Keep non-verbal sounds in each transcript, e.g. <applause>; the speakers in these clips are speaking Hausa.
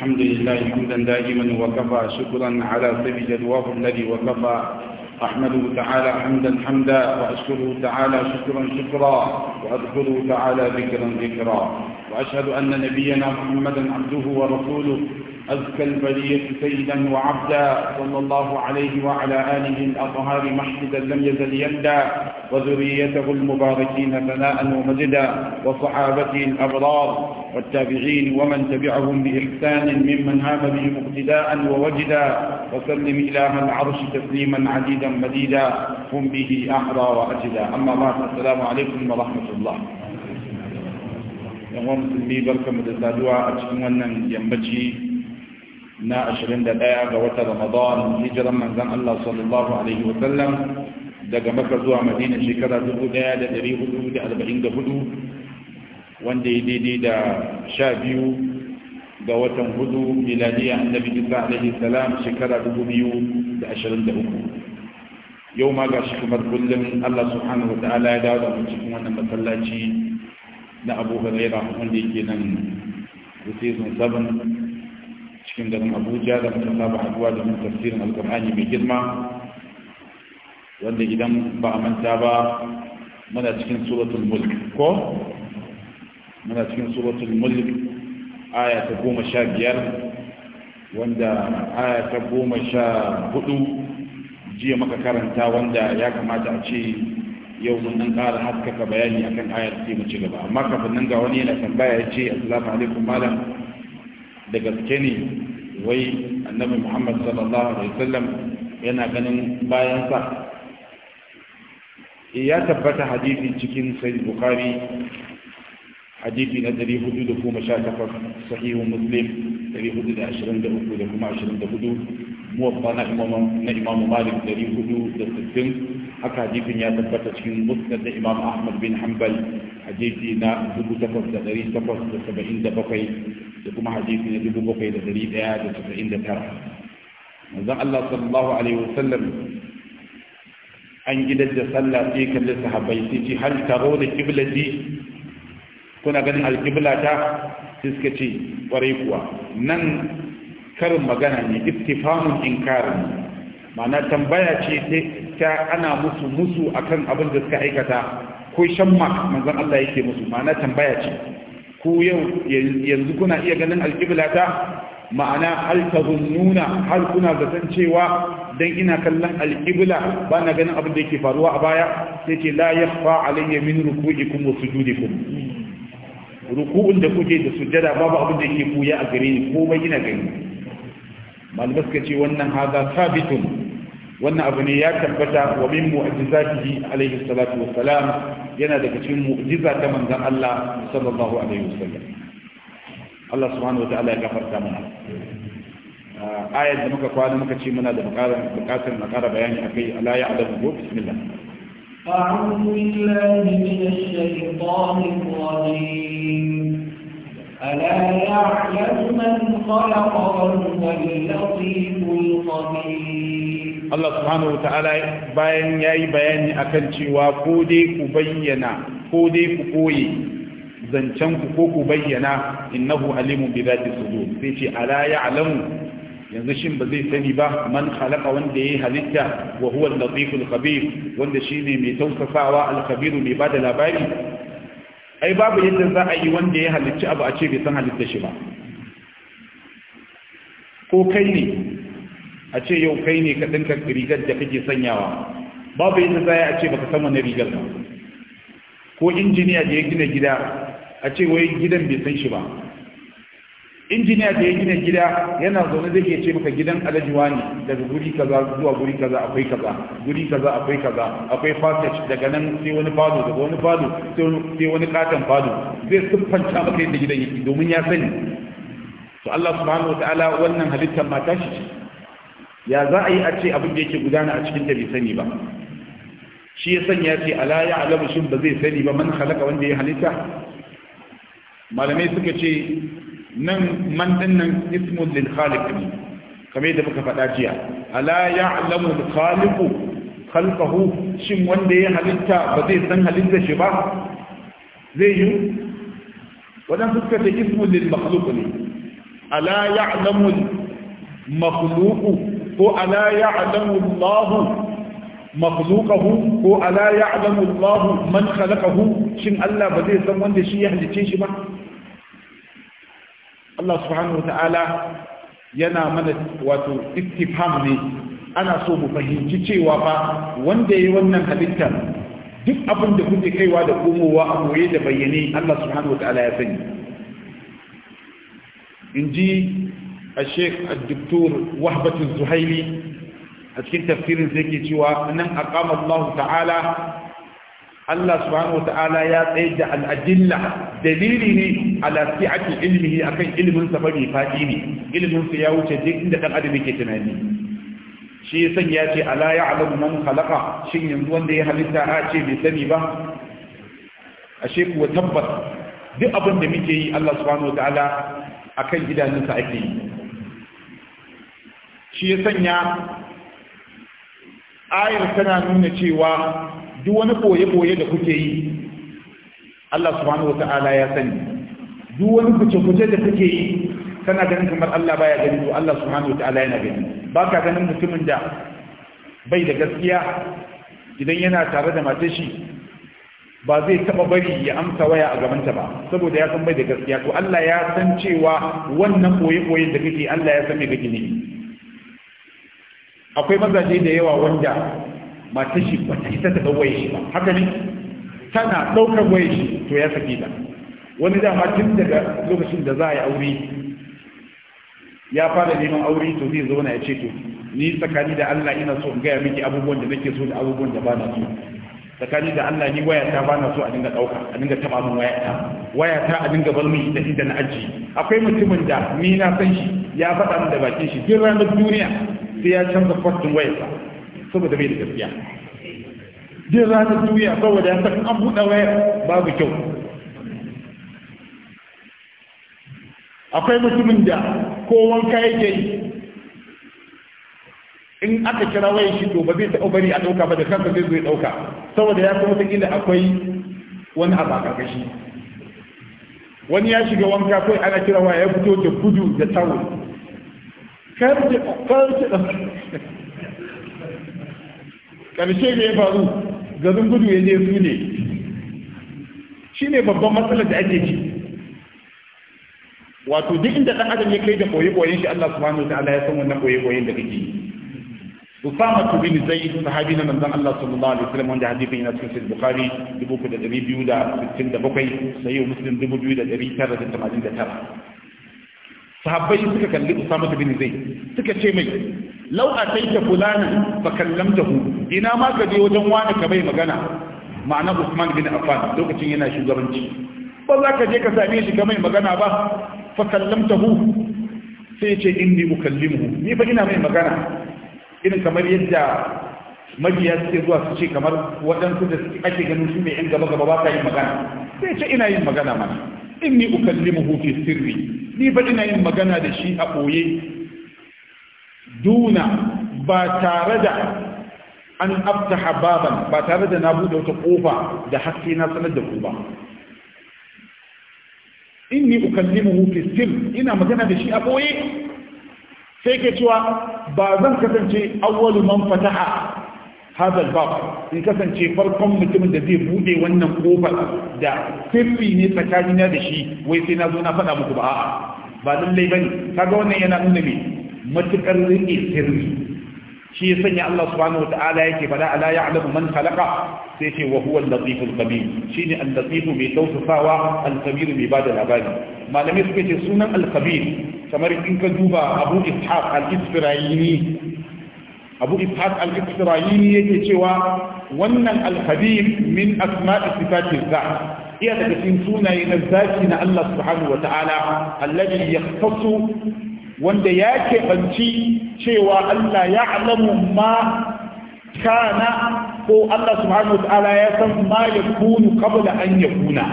الحمد لله حمدا دائما وكفى شكرا على طيب جدواه الذي وكفى أحمده تعالى حمدا حمدا وأشكره تعالى شكرا شكرا وأذكره تعالى ذكرا ذكرا وأشهد أن نبينا محمدا عبده ورسوله أزكى البرية سيدا وعبدا صلى الله عليه وعلى آله الأطهار محمدا لم يزل يندى وذريته المباركين ثناء ومجدا وصحابته الأبرار والتابعين ومن تبعهم بإحسان ممن هاب بهم اقتداء ووجدا وسلم إلى من عرش تسليما عديدا مديدا هم به أحرى وأجدا أما بعد السلام عليكم ورحمة الله يوم سلمي بركة مدرسة دعاء ينبجي نا أشرين دلائع دوات رمضان هجرا من ذن الله صلى الله عليه وسلم دقمك زوا مدينة شكرا دقودا دقودا دقودا دقودا دقودا دقودا wanda ya daidai da sha biyu ga watan hudu miladiya annabi isa alaihi salam shekara dubu biyu da ashirin da uku yau ma gashi kamar kullum allah subhanahu wa ta'ala ya dawo da mu cikin wannan masallaci na abu hurera wanda yake nan da season seven cikin garin abuja da muka saba haduwa da mun tafsirin alkur'ani mai girma wanda idan ba a manta ba muna cikin suratul mulk ko muna cikin suratul mulk aya ta goma sha biyar wanda aya ta goma sha hudu jiya maka karanta wanda ya kamata a ce yau mun nan ƙara haskaka bayani akan ayar sai mu ci gaba amma kafin nan ga wani yana tambaya ya ce assalamu alaikum malam da gaske ne wai annabi muhammad sallallahu alaihi wasallam yana ganin bayansa eh, ya tabbata hadisi cikin sahih bukari hadisi na 418 sahihu muslim 423 da kuma 24 muwaffa na imamu na imamu malik 460 haka hadisin ya tabbata cikin musnad da imam ahmad bin hanbal hadisi na 8877 da kuma hadisi na 7199 manzon Allah sallallahu alaihi wasallam an gidan da sallah sai kalli sahabbai sai ce hal taro da kiblati kuna ganin alƙibla ta sai suka ce kwarai kuwa nan karin magana ne istifamun inkarin ma'ana tambaya ce ta ana musu musu akan abin da suka aikata ko shamma manzon Allah yake musu ma'ana tambaya ce ku yau yanzu kuna iya ganin alƙibla ta ma'ana hal nuna har kuna zaton cewa dan ina kallon alkibla ba na ganin abin da yake faruwa a baya sai ce la yakhfa alayya min ruku'ikum wa sujudikum ruku'un da kuke da sujjada babu abin da yake buya a gare ni komai ina gani malamai suka ce wannan haza sabitun wannan abu ne ya tabbata wa min mu'jizatihi alaihi salatu wassalam yana daga cikin mu'jiza ta manzon Allah sallallahu alaihi wasallam Allah subhanahu wataala ya gafarta mana ah, ayat da muka kwana muka ce muna da bukatar na kara bayani akai ala ya'lamu bismillah أعوذ بالله من الشيطان الرجيم ألا يعلم من خلق وهو اللطيف الخبير Allah subhanahu wa ta'ala bayan ya yi bayani akan cewa ko dai ku bayyana ko dai ku koye zancen ku ko ku bayyana innahu alimun bi zati sudur sai ce ala ya'lamu yanzu shin ba zai sani ba man khalaqa wanda ya yi halitta wa huwa al-latif al-khabir wanda shine mai tausasawa al-khabir mai bada labari ai babu yadda za a yi wanda ya halicci abu a ce bai san halitta shi ba ko kai ne a ce yau kai ne ka dinka rigar da kake sanyawa babu yadda za yi a ce baka san wani rigar ba ko injiniya da ya gina gida a ce wai gidan bai san shi ba injiniya da ya gina gida yana zaune zai iya ce maka gidan alajuwa ne daga guri kaza zuwa guri kaza akwai kaza guri kaza akwai kaza akwai passage daga nan sai wani fado daga wani fado sai wani katon fado zai siffanta maka yadda gidan yake domin ya sani to Allah subhanahu wataala wannan halittar mata shi ya za a yi a ce abin da yake gudana a cikin ta bai sani ba shi ya sanya ce ala ya alamu shin ba zai sani ba man halaka wanda ya halitta malamai suka ce nan man din nan ismun lil khaliq ne kamar da muka faɗa jiya ala ya'lamu al khaliqu khalqahu shin wanda ya halitta ba zai san halitta shi ba zai yi wadan suka ce ismun lil makhluq ne ala ya'lamu al makhluq ko ala ya'lamu Allah makhluqahu ko ala ya'lamu Allah man khalaqahu shin Allah ba zai san wanda shi ya halice ba Allah subhanahu wa ta'ala yana mana wato istifham ne ana so mu fahimci cewa ba wanda ya yi wannan halitta duk abin da kuke kaiwa da komowa a koye da bayyane Allah subhanahu wa ta'ala ya sani inji الشيخ الدكتور وهبة Zuhaili a cikin tafsirin zai ke cewa nan aqama Allah ta'ala Allah subhanahu wa ta'ala ya tsayar da al'ajilla, dalili ne ala si'ati ilmihi akan ilmin sa bari fadi ne ilmin sa ya wuce duk inda dan adam yake tunani shi yasan ya ce ala ya'lamu man khalaqa shin yanzu wanda ya halitta a ce bai sani ba ashe ku tabbas duk abin da muke yi Allah subhanahu wa ta'ala akan gidaninsa ake yi shi ya sanya ayar tana nuna cewa duk wani koye-koye da kuke yi Allah subhanahu wa ta'ala ya sani duk wani kuce-kuce da kuke yi kana ganin kamar Allah baya gani to Allah subhanahu wa ta'ala yana gani ba ka ganin mutumin da bai da gaskiya idan yana tare da mace shi ba zai taba bari ya amsa waya a gabanta ba saboda ya san bai da gaskiya to Allah ya san cewa wannan koye-koye da kake Allah ya san me kake ne akwai mazaje da yawa wanda ta shi ba ta isa ta ɗauwaye shi ba haka ne tana ɗaukar waye shi to ya saki ba. wani dama tun daga lokacin da za a yi aure ya fara neman aure to zai zauna ya ce to ni tsakani da Allah ina so in gaya miki abubuwan da nake so da abubuwan da ba na so tsakani da Allah ni waya ta na so a dinga dauka a dinga taba min waya ta waya ta a dinga bar min da inda na aji akwai mutumin da ni na san shi ya faɗa min da bakin shi duk ranar duniya sai ya canza kwartin wayarsa saboda bai da gaskiya jin rana duniya saboda ya san an buɗe wayar babu kyau akwai mutumin da ko wanka yake yi in aka kira wayan shi to ba zai taɓa bari a ɗauka ba da kanka zai zo ya ɗauka saboda ya san wataƙila akwai wani abu a ƙarƙashi wani ya shiga wanka kai ana kira waya ya fito da gudu da tawul kar ƙarƙashi ƙarshe da ya faru garin gudu ya je su ne shi ne babban matsalar da ake ci wato duk inda ɗan adam ya kai da koyi-koyin shi Allah subhanahu wa ta'ala ya san wannan koyi-koyin da kake fama Usama bin zai sahabi na manzon Allah sallallahu alaihi wasallam wanda hadisin yana cikin Bukhari 2267 sai Muslim 2989 sahabbai suka kalli Usama bin zai suka ce mai lau a taita fulana fa hu. ina ma ka je wajen wani ka bai magana ma'ana Usman bin Affan lokacin yana shugabanci ba za ka je ka same shi ka mai magana ba fa kallamtahu sai ce inni mukallimuhu ni ba ina mai magana irin kamar yadda majiya suke zuwa su ce kamar waɗansu da suke ake ganin su mai yan gaba gaba ba ka yin magana sai ce ina yin magana mana inni ukallimuhu fi sirri ni ba ina yin magana da shi a ɓoye duna ba tare da an abtaha hababan ba tare da na buɗe wata ƙofa da haske na sanar da ku ba inni ukallimuhu fi sir ina magana da shi a boye sai ke cewa ba zan kasance awwalu man fataha hadha al in kasance farkon mutumin da zai buɗe wannan ƙofar da sirri ne tsakanina da shi wai sai na zo na faɗa muku ba a'a ba lallai bane kaga wannan yana nuna me matukar rike sirri shi ya sanya Allah subhanahu Ta'ala yake fada ala ya'lamu man khalaqa sai ce wa huwa al-latif al-khabir shine al-latif mai tausasawa al-khabir mai bada labari malamai suka ce sunan al-khabir kamar in ka duba Abu Ishaq al-Isfirayini Abu Ishaq al-Isfirayini yake cewa wannan al-khabir min asma'i sifati zat iya daga cikin sunaye na zaki na Allah subhanahu wata'ala alladhi yahtassu wanda ya keɓanci cewa Allah ya alamu ma kana ko Allah subhanahu wa ta'ala ya san ma ya kunu da an ya kuna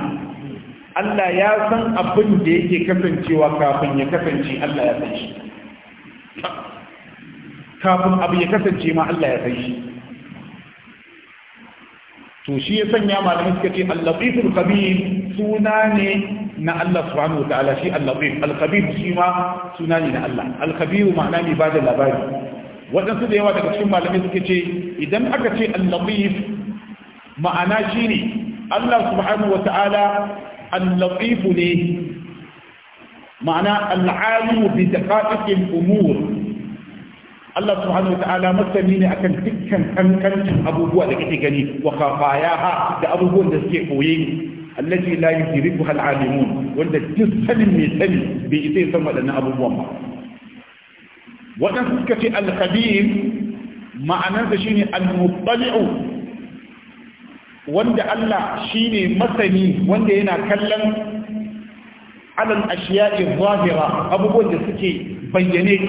Allah ya san abin da yake kasancewa kafin ya kasance Allah ya san shi kafin abu ya kasance ma Allah ya san shi to shi ya sanya malamai suka ce al-latiful khabir suna ne na Allah subhanahu wataala shi al-latif al-khabir shi ma suna ne na Allah al-khabir ma'ana ne bada labari waɗansu da yawa daga cikin malamai suke ce idan aka ce al-latif ma'ana shi ne Allah subhanahu wataala al-latif ne ma'ana al-alim bi daqa'iqil umur Allah subhanahu wa ta'ala masani ne akan dukkan kankancin abubuwa da kake gani wa kafayaha da abubuwan da suke koye allati la yudrikuha al-alimun wanda duk sanin mai sani bai isa ya san waɗannan abubuwan ba waɗansu suka ce al-khabir ma'anarsa shine al-muttali'u wanda Allah shine masani wanda yana kallon alal ashiya'i zahira abubuwan da suke bayyane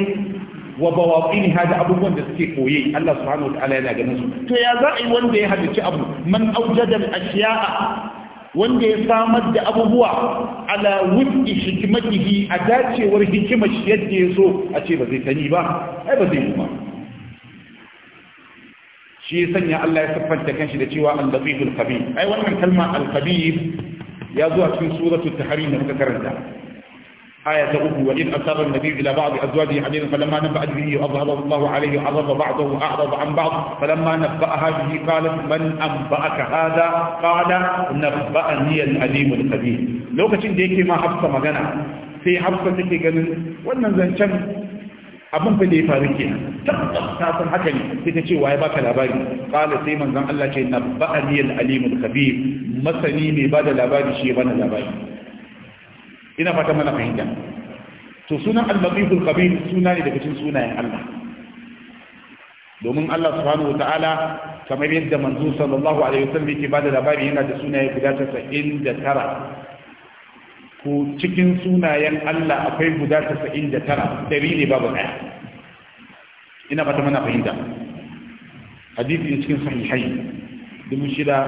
wa bawaqini hada abubuwan da suke koye Allah subhanahu wa yana ganin to ya za a yi wanda ya halarci abu man awjada al-ashiya'a wanda ya samar da abubuwa ala wufi hikimatihi a dacewar hikimar shi yadda ya so a ce ba zai sani ba ai ba zai kuma shi ya sanya Allah ya siffanta kanshi da cewa al-latiful khabir ai wannan kalma al-khabir ya zo a cikin suratul tahrim da muka karanta آية أخرى وإذ أسر النبي إلى بعض أزواجه حديثا فلما نبأت به أظهره الله عليه عرض بعضه وأعرض عن بعض فلما نبأها به قالت من أنبأك هذا قال نبأني العليم الخبير لو كتن ديكي ما حفصة مغانا في حفصة تكي قال وانا زنشان abin fa da ya faru ke tabbas ta san haka ne sai ta ce waye baka labari qala sai manzon Allah ce nabba'ani al-alim al-khabir masani ne ba da labari shi bana labari ina fata mana fahimta to sunan al-latiful khabir suna ne daga cikin sunayen Allah domin Allah subhanahu wataala kamar yadda manzo sallallahu alaihi wasallam yake bada labari yana da sunaye guda 99 ko cikin sunayen Allah akwai guda 99 dari ne babu daya ina fata mana fahimta hadisi cikin sahihai dubu shida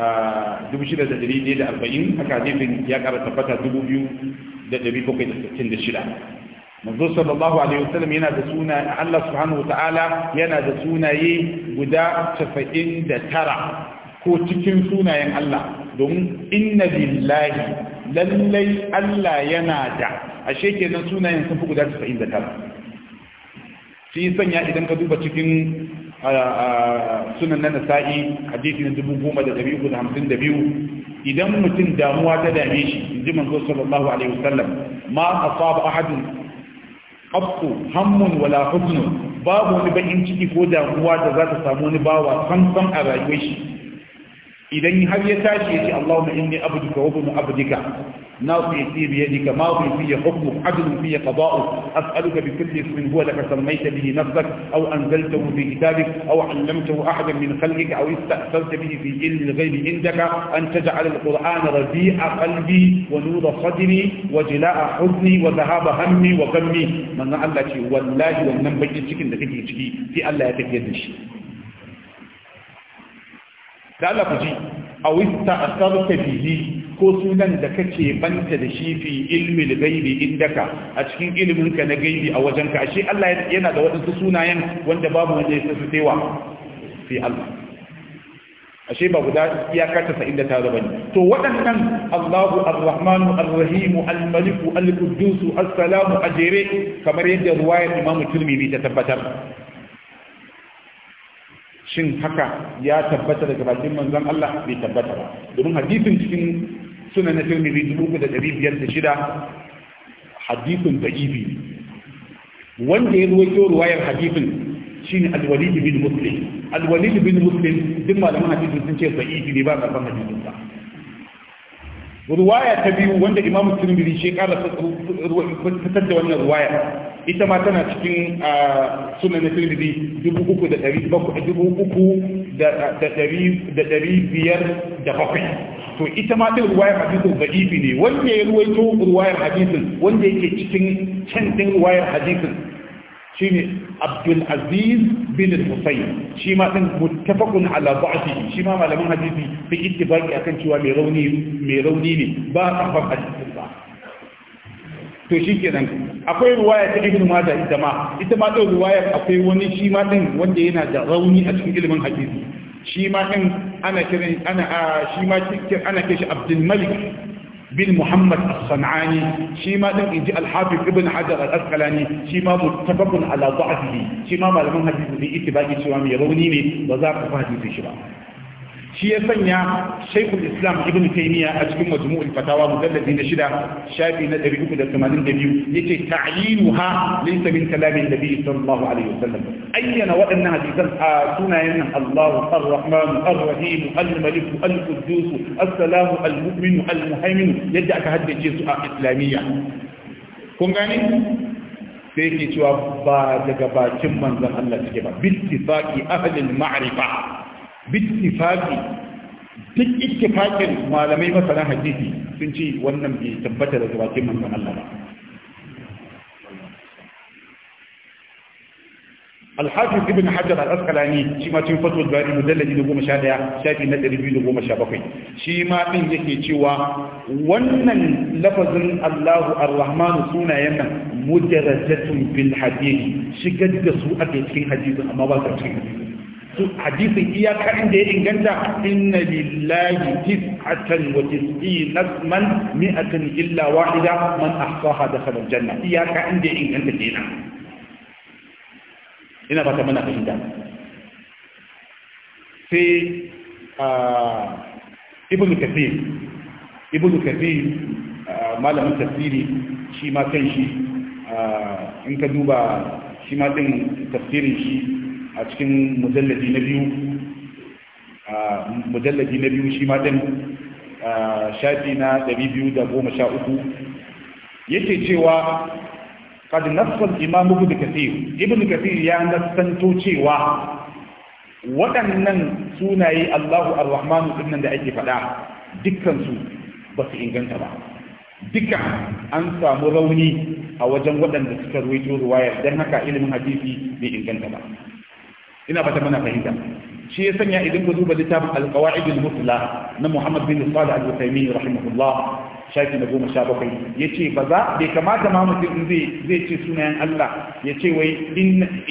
6,140 haka hadisin ya kara tabbata 2,766 manzo sallallahu alaihi wasallam yana da suna Allah subhanahu ta'ala yana da sunaye guda 99 ko cikin sunayen Allah don inna lillahi lallai Allah yana da ashe kenan sunayen sun fi guda 99 shi sanya idan ka duba cikin sunan na nasa'i hadisi na dubu goma da ɗari da hamsin da biyu idan mutum damuwa ta dame shi in ji manzo sallallahu alaihi wasallam ma asaba ahadun qattu hammun wala huznun babu wani bakin ciki ko damuwa da za ta samu wani bawa san san a rayuwar shi idan har ya tashi yace Allahumma inni abduka wa ibnu abdika nasi bi yadika ma fi fi hukmu adl fi qada'u as'aluka bi kulli ismin huwa laka samayta bihi nafsak aw anzaltahu fi kitabik aw 'allamtahu ahadan min khalqika aw ista'thalta bihi fi ilmi al-ghayb indaka an taj'al al-qur'ana rabi'a qalbi wa nura sadri wa jila'a huzni wa dhahaba hammi wa gammi man Allah ce wannan bakin cikin da kake ciki sai Allah ya tafiyar da shi da Allah ku ji a wista a sarka bihi ko sunan da kake banta da shi fi ilmi gaibi indaka a cikin iliminka na gaibi a wajenka ashe Allah yana da waɗansu sunayen wanda babu wanda ya sassa tsewa fi Allah ashe ba guda iyaka ta sa'in da tare bane to waɗannan Allahu Ar-Rahmanu Ar-Rahim Al-Malik Al-Quddus As-Salamu ajere kamar yadda ruwayar Imam Tirmidhi ta tabbatar shin haka ya tabbata daga bakin manzon Allah bai tabbata ba domin hadisin cikin sunan na Tirmidhi shida, hadisin da'ibi wanda ya ruwaito ruwayar hadisin shine al-Walid bin Muslim al-Walid bin Muslim duk malaman hadisin sun ce da'ibi ne ba karban hadisin sa ruwaya ta biyu wanda Imam Tirmidhi shi ya karasa fitar da wannan ruwaya ita ma tana cikin sunan tirmidhi dubu uku da bakwai dubu uku da ɗari biyar da bakwai to ita ma ɗin ruwayar ga ifi ne wanda ya ruwaito ruwayar hadisin wanda yake cikin can ɗin ruwayar hadisin shine ne abdulaziz bin husayn shi ma ɗin muttafaqun ala ba'dihi shi ma malaman hadisi fi ittifaqi akan cewa mai rauni mai rauni ne ba a kafar hadisin ba to shi kenan akwai ruwaya ta ibn mada ita ma ita ma ɗau ruwayar akwai wani shi ma ɗin wanda yana da rauni a cikin ilimin hadisi shi ma ɗin ana kiran ana shi ma ana abdul malik bin muhammad as-sanani shi ma ɗin inji alhafiz ibn hajar al-asqalani shi ma muttafaqun ala dha'fihi shi ma malaman hadisi ne ittifaqi cewa mai rauni ne ba za ka fahimci shi ba shi ya sanya shaikul islam ibn taymiya a cikin majmu'ul fatawa mujalladi na shida shafi na 382 yace ta'yinuha laysa min kalamin nabi sallallahu alaihi wasallam ayyana waɗannan hadisan a sunayen nan Allah ar-rahman ar-rahim al-malik al-quddus as salamu al-mu'min al-muhaymin yadda aka haddace su a islamiyya kun gani sai yake cewa ba daga bakin manzon Allah take ba bi ittifaqi ahlul ma'rifa bittifaƙi duk ittifaƙin malamai masana hadisi sun ce wannan bai tabbatar da gabatin manzan Allah ba. Alhafin Ibn Hajar al’askalani shi ma cin fasuwar bari mudallaji da goma sha ɗaya, shafi na ɗari biyu da goma sha bakwai. Shi ma ɗin yake cewa wannan lafazin Allahu Ar-Rahmanu sunayen nan mujarajatun bin hadisi shigar da su a cikin hadisi amma ba su cikin hadisin iyaka inda ya inganta inna lillahi tis'atan wa tis'in man mi'atan illa wahida man ahsaha dakhala aljanna iyaka inda ya inganta kenan ina fata muna fahimta sai ibnu kathir ibnu kathir malamin tafsiri shi ma kan shi in ka duba shi ma din tafsirin shi a cikin mujalladi na biyu mujalladi na biyu shi ma din shafi na 213 yake cewa قد نص الإمام ابن كثير Ibn كثير ya nasanto cewa waɗannan sunaye Allahu Ar-Rahman ɗinnan da ake faɗa dukkansu ba su inganta ba duka an samu rauni a wajen waɗanda suka ruwaito ruwayar don haka ilimin hadisi bai inganta ba ina ba ta mana fahimta shi ya sanya idan ku duba littafin alqawaidul mutla na Muhammad bin Salih al-Uthaymeen rahimahullah shafi na goma sha bakwai ya ce ba za bai kamata ma mutum zai zai ce sunayen Allah ya ce wai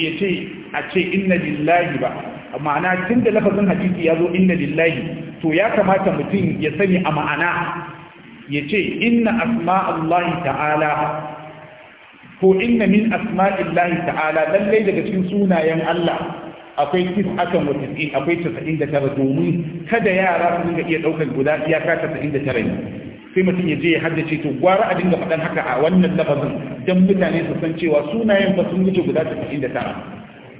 ya ce a ce inna lillahi ba ma'ana tun da lafazin hadisi ya zo inna lillahi to ya kamata mutum ya sani a ma'ana ya ce inna asma Allah ta'ala ko inna min asma Allah ta'ala lallai daga cikin sunayen Allah akwai kis akan wa tis'in akwai tasa'in da tara domin kada yara su dinga iya ɗaukar guda iyaka tasa'in da tara ne sai mutum ya je ya haddace to gwara a dinga faɗan haka a wannan lafazin don mutane su san cewa sunayen ba sun wuce guda tasa'in da tara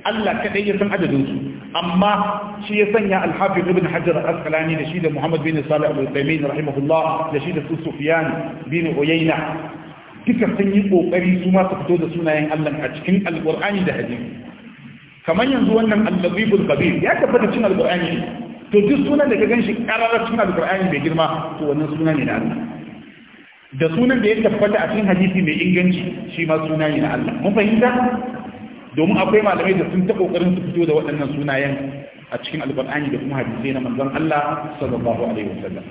Allah kaɗai ya san su amma shi ya sanya alhafi ibn hajar al-asqalani da shi da muhammad bin salih al-uthaymeen rahimahullah da shi da su sufyan bin uyayna duka sun yi kokari su ma su fito da sunayen Allah a cikin alqur'ani da hadisi kamar yanzu wannan allazibul kabir ya tabbata cin alqur'ani to duk sunan da ka ganshi kararar cin alqur'ani mai girma to wannan suna ne na Allah da sunan da ya tabbata a cikin hadisi mai inganci shi ma suna ne na Allah mun fahimta domin akwai malamai da sun ta kokarin su fito da waɗannan sunayen a cikin alqur'ani da kuma hadisi na manzon Allah sallallahu alaihi wasallam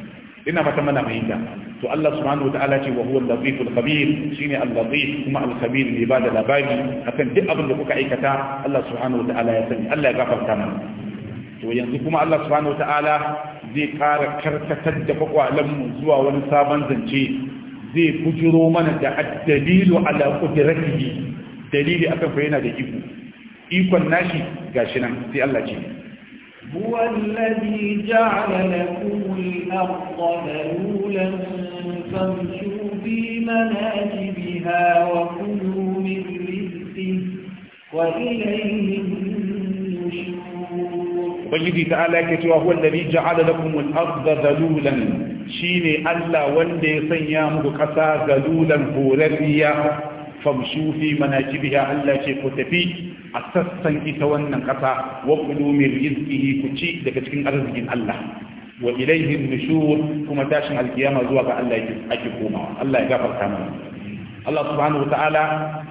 ina fata mana fahimta to Allah subhanahu wa ta'ala ce wa huwa al-latif al-khabir shine al-latif kuma al-khabir ne ba da labari akan duk abin da kuka aikata Allah subhanahu wa ta'ala ya sani Allah ya gafarta mana to yanzu kuma Allah subhanahu wa ta'ala zai ƙara karkatar da kwakwalen mu zuwa wani sabon zance zai bujiro mana da dalilu ala qudratihi dalili akan fa yana da iko ikon nashi gashi nan sai Allah ce هو الذي جعل لكم الأرض ذلولا فامشوا في مناجبها وكلوا من رزقه وإليه وجدي تعالى كتو وهو الذي جعل لكم الأرض ذلولا شيني ألا وندي صيامك كسا ذلولا فورثيا فامشوا في مناجبها ألا شيء كتبيه a sassan ita wannan ƙasa wa kulu min rizqihi ku ci daga cikin arzikin Allah wa ilaihi nushur kuma tashin alkiyama zuwa ga Allah yake ake komawa Allah ya gafarta mana Allah subhanahu wataala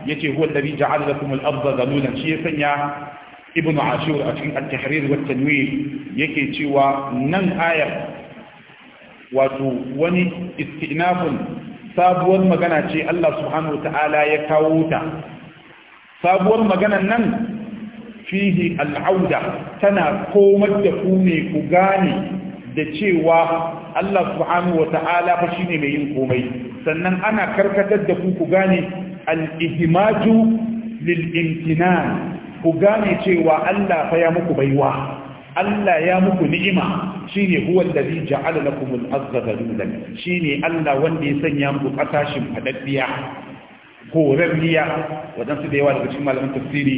yace huwa alladhi ja'ala lakum al-ardha zalulan shi ya sanya Ibn ashur a cikin at-tahrir wa tanwir yake cewa nan ayar wato wani istinafun sabuwar magana ce Allah subhanahu wataala ya kawo ta sabuwar maganan nan fihi al'auda tana komar da ku ne ku gane da cewa Allah subhanahu wa ta'ala fa shine mai yin komai sannan ana karkatar da ku ku gane al'ihimaju ihmaju lil ku gane cewa Allah fa ya muku baiwa Allah ya muku ni'ima shine huwa allazi ja'ala lakum al-ardha shine Allah wanda ya sanya muku kasashin fadaddiya horarriya waɗansu da yawa daga cikin malaman tafsiri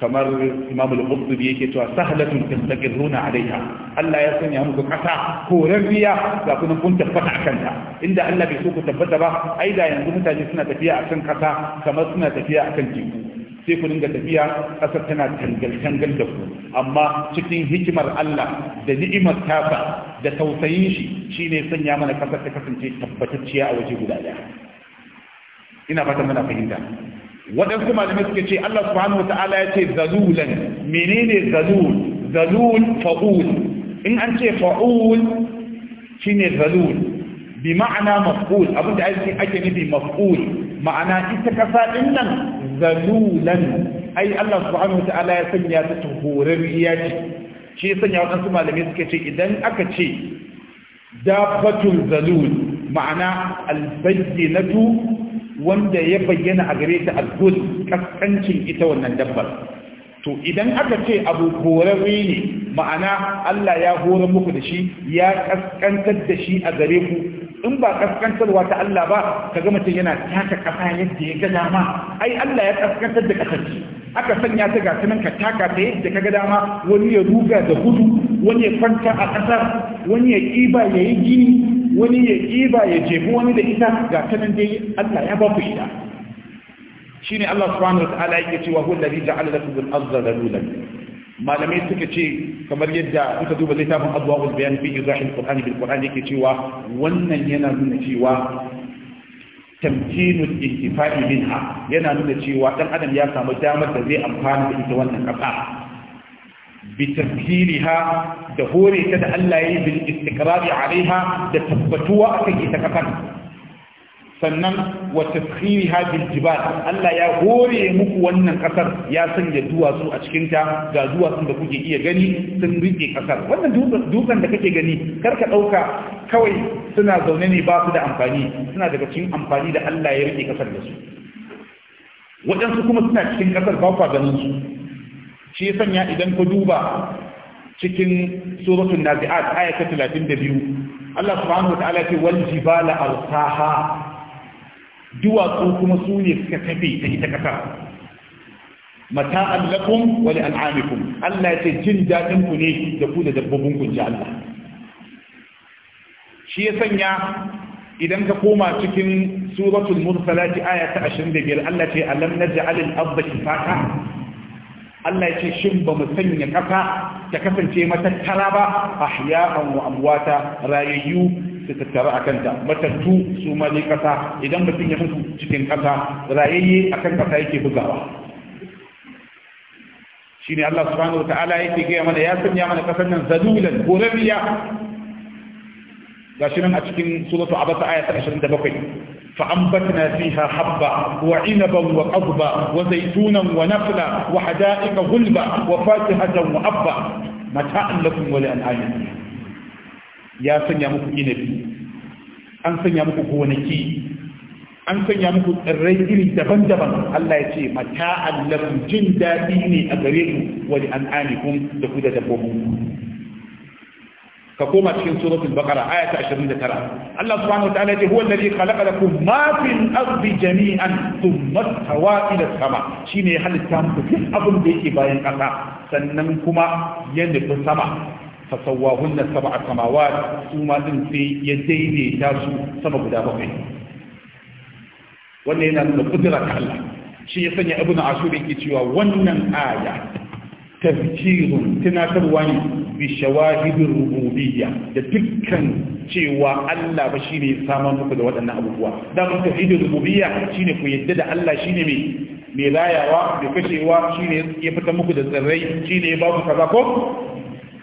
kamar imamul qutb yake cewa sahlatun tastaqiruna alaiha Allah ya sanya muku kasa korariya ga kun kun tabbata akan ta inda Allah bai so ku tabbata ba ai da yanzu mutane suna tafiya akan kasa kamar suna tafiya akan teku sai ku dinga tafiya kasar tana tangal tangal da ku amma cikin hikimar Allah da ni'imar ba da tausayin shi shine sanya mana kasar ta kasance tabbatacciya a waje guda daya ina fata muna fahimta waɗansu malamai suke ce Allah subhanahu wa ta'ala ya ce zalulan menene zalul zalul fa'ul in an ce fa'ul shine zalul bi ma'ana maf'ul abin da ake ake nufi maf'ul ma'ana ita kasa din nan zalulan ai Allah subhanahu wa ta'ala ya sanya ta tuhurariya ce shi ya sanya waɗansu malamai suke ce idan aka ce dafatul zalul ma'ana albayyinatu wanda ya bayyana a gare ta al ƙasƙancin kaskancin ita wannan dabbar to idan aka ce abu horarre ne ma'ana Allah ya horar muku da shi ya kaskantar da shi a gare ku in ba kaskantarwa ta Allah ba ka kaga mutum yana taka ƙasa yadda ya ga dama ai Allah ya kaskantar da kasance aka sanya ta gasa nan ka taka ta yadda kaga dama wani ya ruga da gudu wani ya kwanta a ƙasar wani ya ƙiba ya yi gini wani ya ƙiba ya jefi wani da ita ga nan dai Allah ya ba ku ita ne Allah subhanahu wa ta'ala yake cewa huwa alladhi ja'ala lakum al-ardha malamai suka ce kamar yadda suka duba littafin adwaul bayan fi izahil qur'ani bil qur'ani yake cewa wannan yana nuna cewa tamkinu intifa'i minha yana nuna cewa dan adam ya samu damar da zai amfana da ita wannan ƙasa. bi tamkiniha da horeta da Allah ya yi bil istiqrar 'alayha da tabbatuwa akan ita kafan sannan wa tafkhiri hadhihi aljibal Allah ya hore muku wannan kasar ya sanya duwatsu a cikin ta ga duwatsun da kuke iya gani sun rike kasar wannan dutsen da kake gani kar ka dauka kawai suna zaune ne ba su da amfani suna daga cikin amfani da Allah ya rike kasar da su waɗansu kuma suna cikin kasar ba kwa ganin su shi ya sanya idan ka duba cikin suratul nazi'at aya da 32 Allah subhanahu wa ta'ala ce wal jibala arsaha duwatsu kuma su ne suka tafi ta ita kasa Mata lakum wani li'an'amikum Allah ya ce jin dadin ku ne da ku da dabbobin ku ji Allah shi ya sanya idan ka koma cikin suratul mursalati aya ta 25 Allah ce alam naj'al al-ardha kifata Allah ya ce shin ba mu sanya kafa ta kasance matattara ba ahya'an wa amwata rayayyu ta tattara a kanta matattu su ma dai kasa idan mutum ya mutu cikin kasa rayayye a kan kasa yake bugawa shi ne Allah subhanahu wa ta'ala ke gaya mana ya sanya mana kasar nan zalulan gorariya shi nan a cikin suratu ayata aya da bakwai فأنبتنا فيها حبا وعنبا وقضبا وزيتونا ونخلا وحدائق غلبا وفاكهة وأبا متاعا لكم ولأنعامكم ya sanya muku inabi an sanya muku gonaki an sanya muku tsirrai iri daban-daban Allah ya ce mata allakum jin daɗi ne a gare ku wani an amikum da ku da dabbobin ka koma cikin suratul baqara aya ta 29 Allah subhanahu wa ta'ala ce huwa alladhi khalaqa ma fil ardi jami'an thumma tawa ila sama shine halitta muku duk abin da yake bayan kasa sannan kuma ya nufi sama fasawahunna sab'a samawat su ma din sai ya daidaita su sama guda bakwai wannan yana da kudura Allah shi ya sanya ibn ashur yake cewa wannan aya tafsirun tunatarwa ne bi shawahidin rububiyya da dukkan cewa Allah ba ne saman muku da waɗannan abubuwa da mun tafsirin rububiyya ne ku yadda da Allah shi ne mai rayawa mai kashewa shine ya fita muku da tsirrai shine ya ba ku kaza ko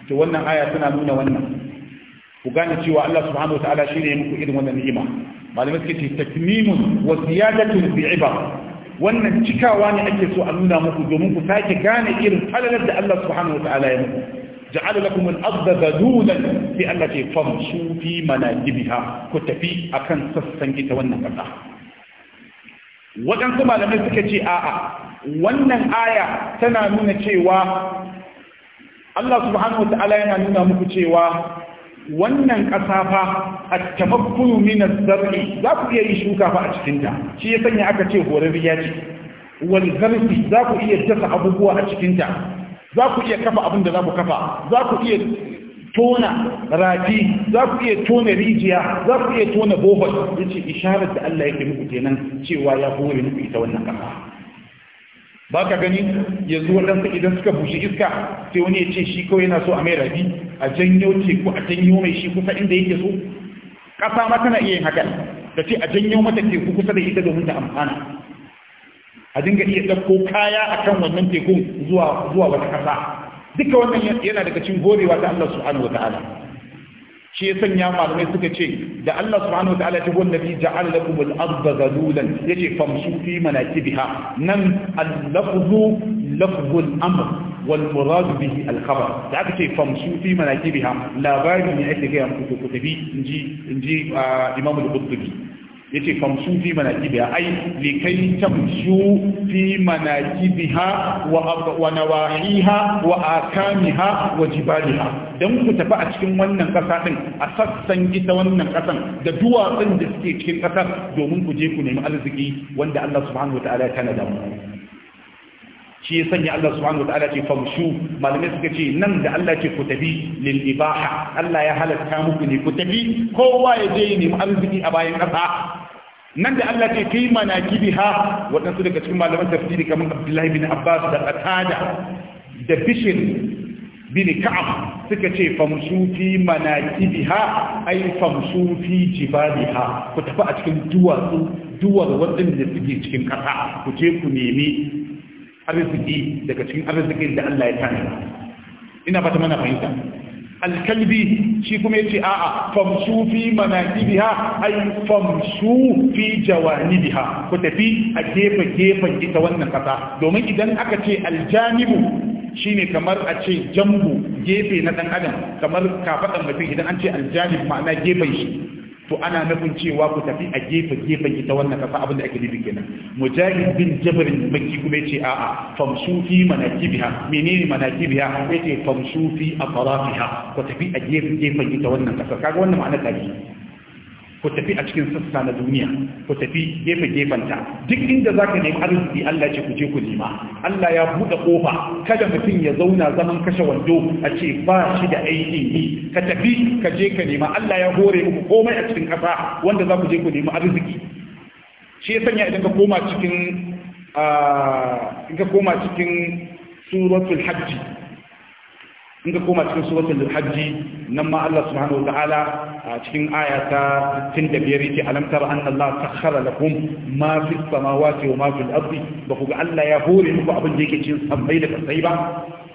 to wannan aya tana nuna wannan ku gane cewa Allah subhanahu wa shine muku irin wannan ni'ima malamai suke ce takmimun wa ziyadatun bi'ibar wannan cikawa ne ake so a nuna muku domin ku sake gane irin falalar da Allah subhanahu ta'ala ya muku ja'ala lakum al-ardha zadulan fi Allah ce famshu fi manajibiha ku tafi akan sassan ita wannan kasa wadansu malamai suka ce a'a wannan aya tana nuna cewa Allah subhanahu ta'ala yana nuna muku cewa wannan ƙasa fa at-tamakkunu min az-zar'i za ku iya yi shuka fa a cikin ta shi ya sanya aka ce horariya ce wal zarfi za ku iya dasa abubuwa a cikin ta za ku iya kafa abin da za ku kafa za ku iya tona rafi za ku iya tona rijiya za ku iya tona bohol yace isharar da Allah yake muku kenan cewa ya hore muku ita wannan ƙasa ba ka gani yanzu waɗansu idan suka bushe iska sai wani ya ce shi kawai yana so a mai rabi a janyo teku a janyo mai shi kusa inda yake so ƙasa ma tana iya yin haka da ce a janyo mata teku kusa da ita domin ta amfana a dinga iya ɗauko kaya a kan wannan tekun zuwa wata ƙasa duka wannan yana daga cin gorewa ta Allah subhanahu wa ta'ala shi ya sanya malamai suka ce da Allah subhanahu wataala ta wanda bi ja'al lakum al-ardha zalulan yace famshu fi manakibiha nan al-lafzu lafzul amr wal murad bihi al-khabar da aka ce famshu fi manakibiha labari ne ake ga ku ku tafi inji inji ah, Imam al-Qurtubi yace famsu fi manakibiha ai likai tamshu fi manakibiha wa wa nawahiha wa akamiha wa jibaliha don ku tafi a cikin wannan kasa din a sassan ita wannan kasan da duwatsun da suke cikin kasar domin ku je ku nemi arziki wanda Allah subhanahu wataala ya tanada muku shi ya sanya Allah subhanahu wataala ce famshu malamai suka ce nan da Allah ce ku tafi lil Allah ya halatta muku ne ku tafi kowa ya je ne arziki a bayan kasa nan da Allah ce kai mana kibiha. wadansu daga cikin malaman tafsiri kamar Abdullahi bin Abbas da Qatada da Bishr bin Ka'ab suka ce famshu fi manakibiha ay famshu fi jibaliha ku tafi a cikin duwatsu duwar wadanda suke cikin kasa. ku je ku nemi arziki daga cikin arzikin da Allah ya tana ina fata mana fahimta alkalbi shi kuma yace a'a famsu fi manaqibiha ay famsu fi jawanibiha ku tafi a gefe gefen ita wannan kasa domin idan aka ce aljanibu shine kamar a ce jambu gefe na dan adam kamar kafadan mutum idan an ce aljanib ma'ana gefen shi to ana nufin cewa ku tafi a gefe gefen ita wannan kasa abin da ake nufi kenan mujahid bin jabrin makki kuma yace a'a famsu fi manakibiha menene manakibiha yace famsu fi afrafiha ku tafi a gefe gefen ita wannan kasa kaga wannan ma'ana ta ku tafi a cikin sassa na duniya ku tafi gefe gefenta duk inda zaka nemi arziki Allah ce ku je ku nema Allah ya bude ƙofa kada mutum ya zauna zaman kashe wando a ce ba shi da aikin yi ka tafi ka je ka nema Allah ya hore uku komai a cikin kasa wanda za ku je ku nemi arziki shi ya sanya idan ka koma cikin in ka koma cikin suratul hajji in ka koma cikin suratul hajji nan ma Allah subhanahu wa ta'ala a cikin aya ta 65 yace alam tara Allah sakhara lakum ma fi samawati wa ma fi ardi ba ku ga Allah ya hore muku abin da yake cin sammai da kasai ba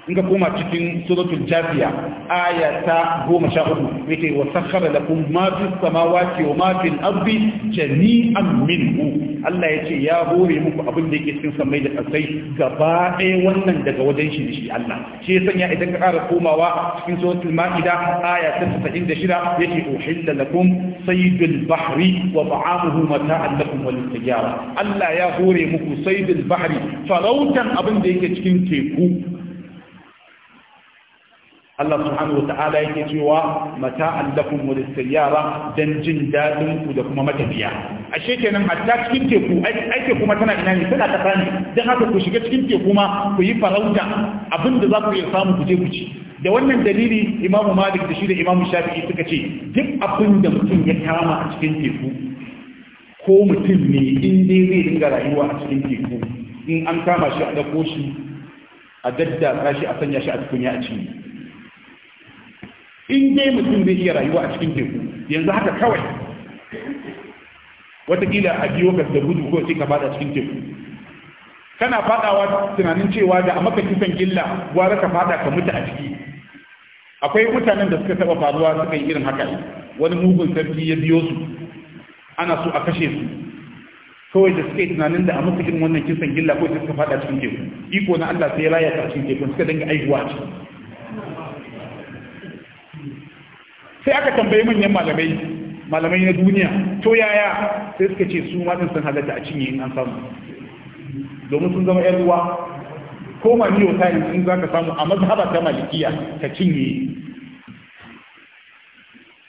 in ka koma cikin suratul jafiya aya ta goma sha hudu yake wa sakhara lakum ma fi samawati wa ma fi al-ardi jami'an minhu Allah yace ya hore muku abin da yake cikin samai da kasai gaba ɗaya wannan daga wajen shi shi Allah shi ya sanya idan ka ƙara komawa cikin suratul ma'ida aya ta 96 yake uhilla lakum saydul bahri wa ta'amuhu mata'an lakum wa lis-sijara Allah ya hore muku saydul bahri farautan abin da yake cikin teku Allah subhanahu wata'ala yake cewa mata'an lakum wa lisayyara dan jin dadin ku da kuma matafiya ashe kenan hatta cikin teku ake kuma tana ina ne tana kasa ne dan haka ku shiga cikin teku ma ku yi farauta abinda za ku iya samu ku je ku ci da wannan dalili imamu malik da shi da imamu shafi'i suka ce duk abinda mutum ya kama a cikin teku ko mutum ne in dai zai dinga rayuwa a cikin teku in an kama shi a dauko shi a daddatsa shi a sanya shi a tukunya a cikin in dai mutum zai iya rayuwa a cikin teku yanzu haka kawai watakila a biyo ka da gudu ko sai ka fada cikin teku kana fadawa tunanin cewa da a maka kisan gilla gwara ka fada ka mutu a ciki akwai mutanen da suka taba faruwa suka yi irin haka wani mugun sarki ya biyo su ana so a kashe su kawai da suka yi tunanin da a maka wannan kisan gilla ko suka fada cikin teku iko na Allah sai ya raya ta cikin teku suka dinga aihuwa ciki sai aka tambaye manyan malamai malamai na duniya to yaya sai suka ce su ma sun halatta a cinye in an samu domin sun zama yan uwa ko ma niyo tayin in za ka samu a mazhaba ta malikiya ka cinye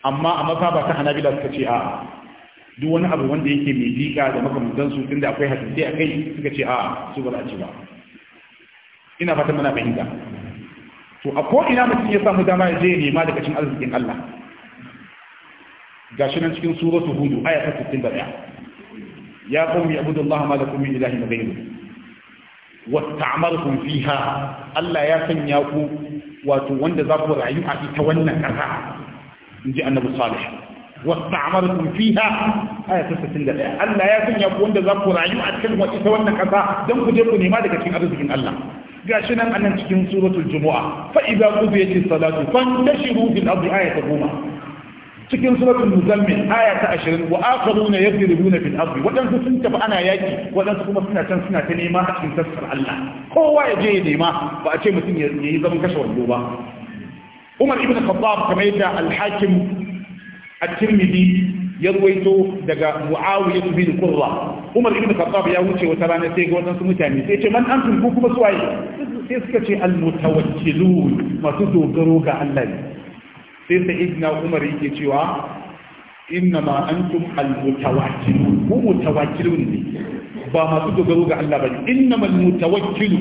amma a mazhaba ta hanabila suka ce a duk wani abu wanda yake mai dika da makamantan su tunda akwai hadisi a kai suka ce a su ba za a ci ba ina fatan muna fahimta to a ko ina mutum ya samu dama ya je nema daga cikin arzikin Allah gashi nan cikin suratu hudu aya ta 61 ya qawmi abudullaha ma lakum min ilahin ghayru wasta'markum fiha Allah ya sanya ku wato wanda za ku rayu a ita wannan kasa inji annabi salih wasta'markum fiha aya ta 61 Allah ya sanya ku wanda za ku rayu a cikin ita wannan kasa don ku je ku nema daga cikin arzikin Allah gashi nan anan cikin suratul jumu'a fa idza qudiyati's salatu fantashiru fil ardi ayatu 10 cikin suratul muzammil aya ta 20 wa akharuna yadribuna fil ardi wadansu sun tafi ana yaki wadansu kuma suna can suna ta nema a cikin tasfar Allah kowa ya je ya nema ba a ce mutum ya yi zaman kashe wando ba Umar ibn Khattab kamar yadda al-Hakim at-Tirmidhi ya ruwaito daga Muawiya bin Qurra Umar ibn Khattab ya wuce wata rana sai ga wadansu mutane sai ce man antum ku kuma suwaye sai suka ce al-mutawakkilun masu dogaro ga Allah ne sai sa'idina umar yake cewa inna ma antum al-mutawakkilun mu mutawakkilun ne ba masu dogaro ga Allah bane innamal mutawakkilu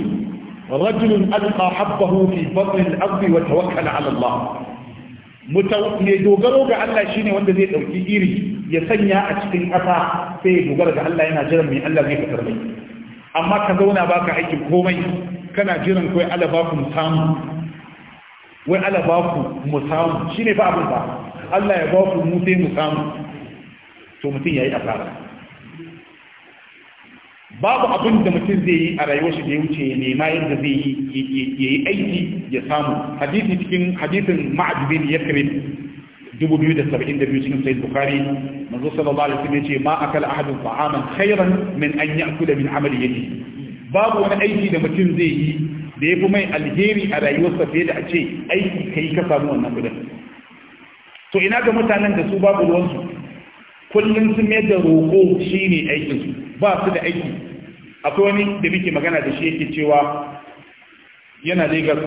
rajulun alqa habbahu fi batn al-ardi wa tawakkala ala Allah mai dogaro ga Allah shine wanda zai dauki iri ya sanya a cikin ƙasa sai ya dogara ga Allah yana jiran mai Allah zai fitar mai amma ka zauna baka aikin komai kana jiran kai Allah ba ku samu wai ala ba ku mu samu shi ne fa abin ba Allah ya ba ku mu sai mu samu to mutum ya yi asara babu abin da mutum zai yi a rayuwar shi da ya wuce ya nema yadda zai yi ya yi aiki ya samu hadisi cikin hadisin ma'adibin ya kare 272 cikin sayyid bukari manzo sallallahu alaihi wasallam yace ma akala ahadun ta'aman khairan min an ya'kula min amali yadihi babu wani aiki da mutum zai yi da ya fi mai alheri a rayuwarsa fiye da a ce aiki kai ka samu wannan kudin to ina ga mutanen da su babu ruwansu kullum sun mai da roƙo shi ne aikinsu ba su da aiki akwai wani da muke magana da shi yake cewa yana legas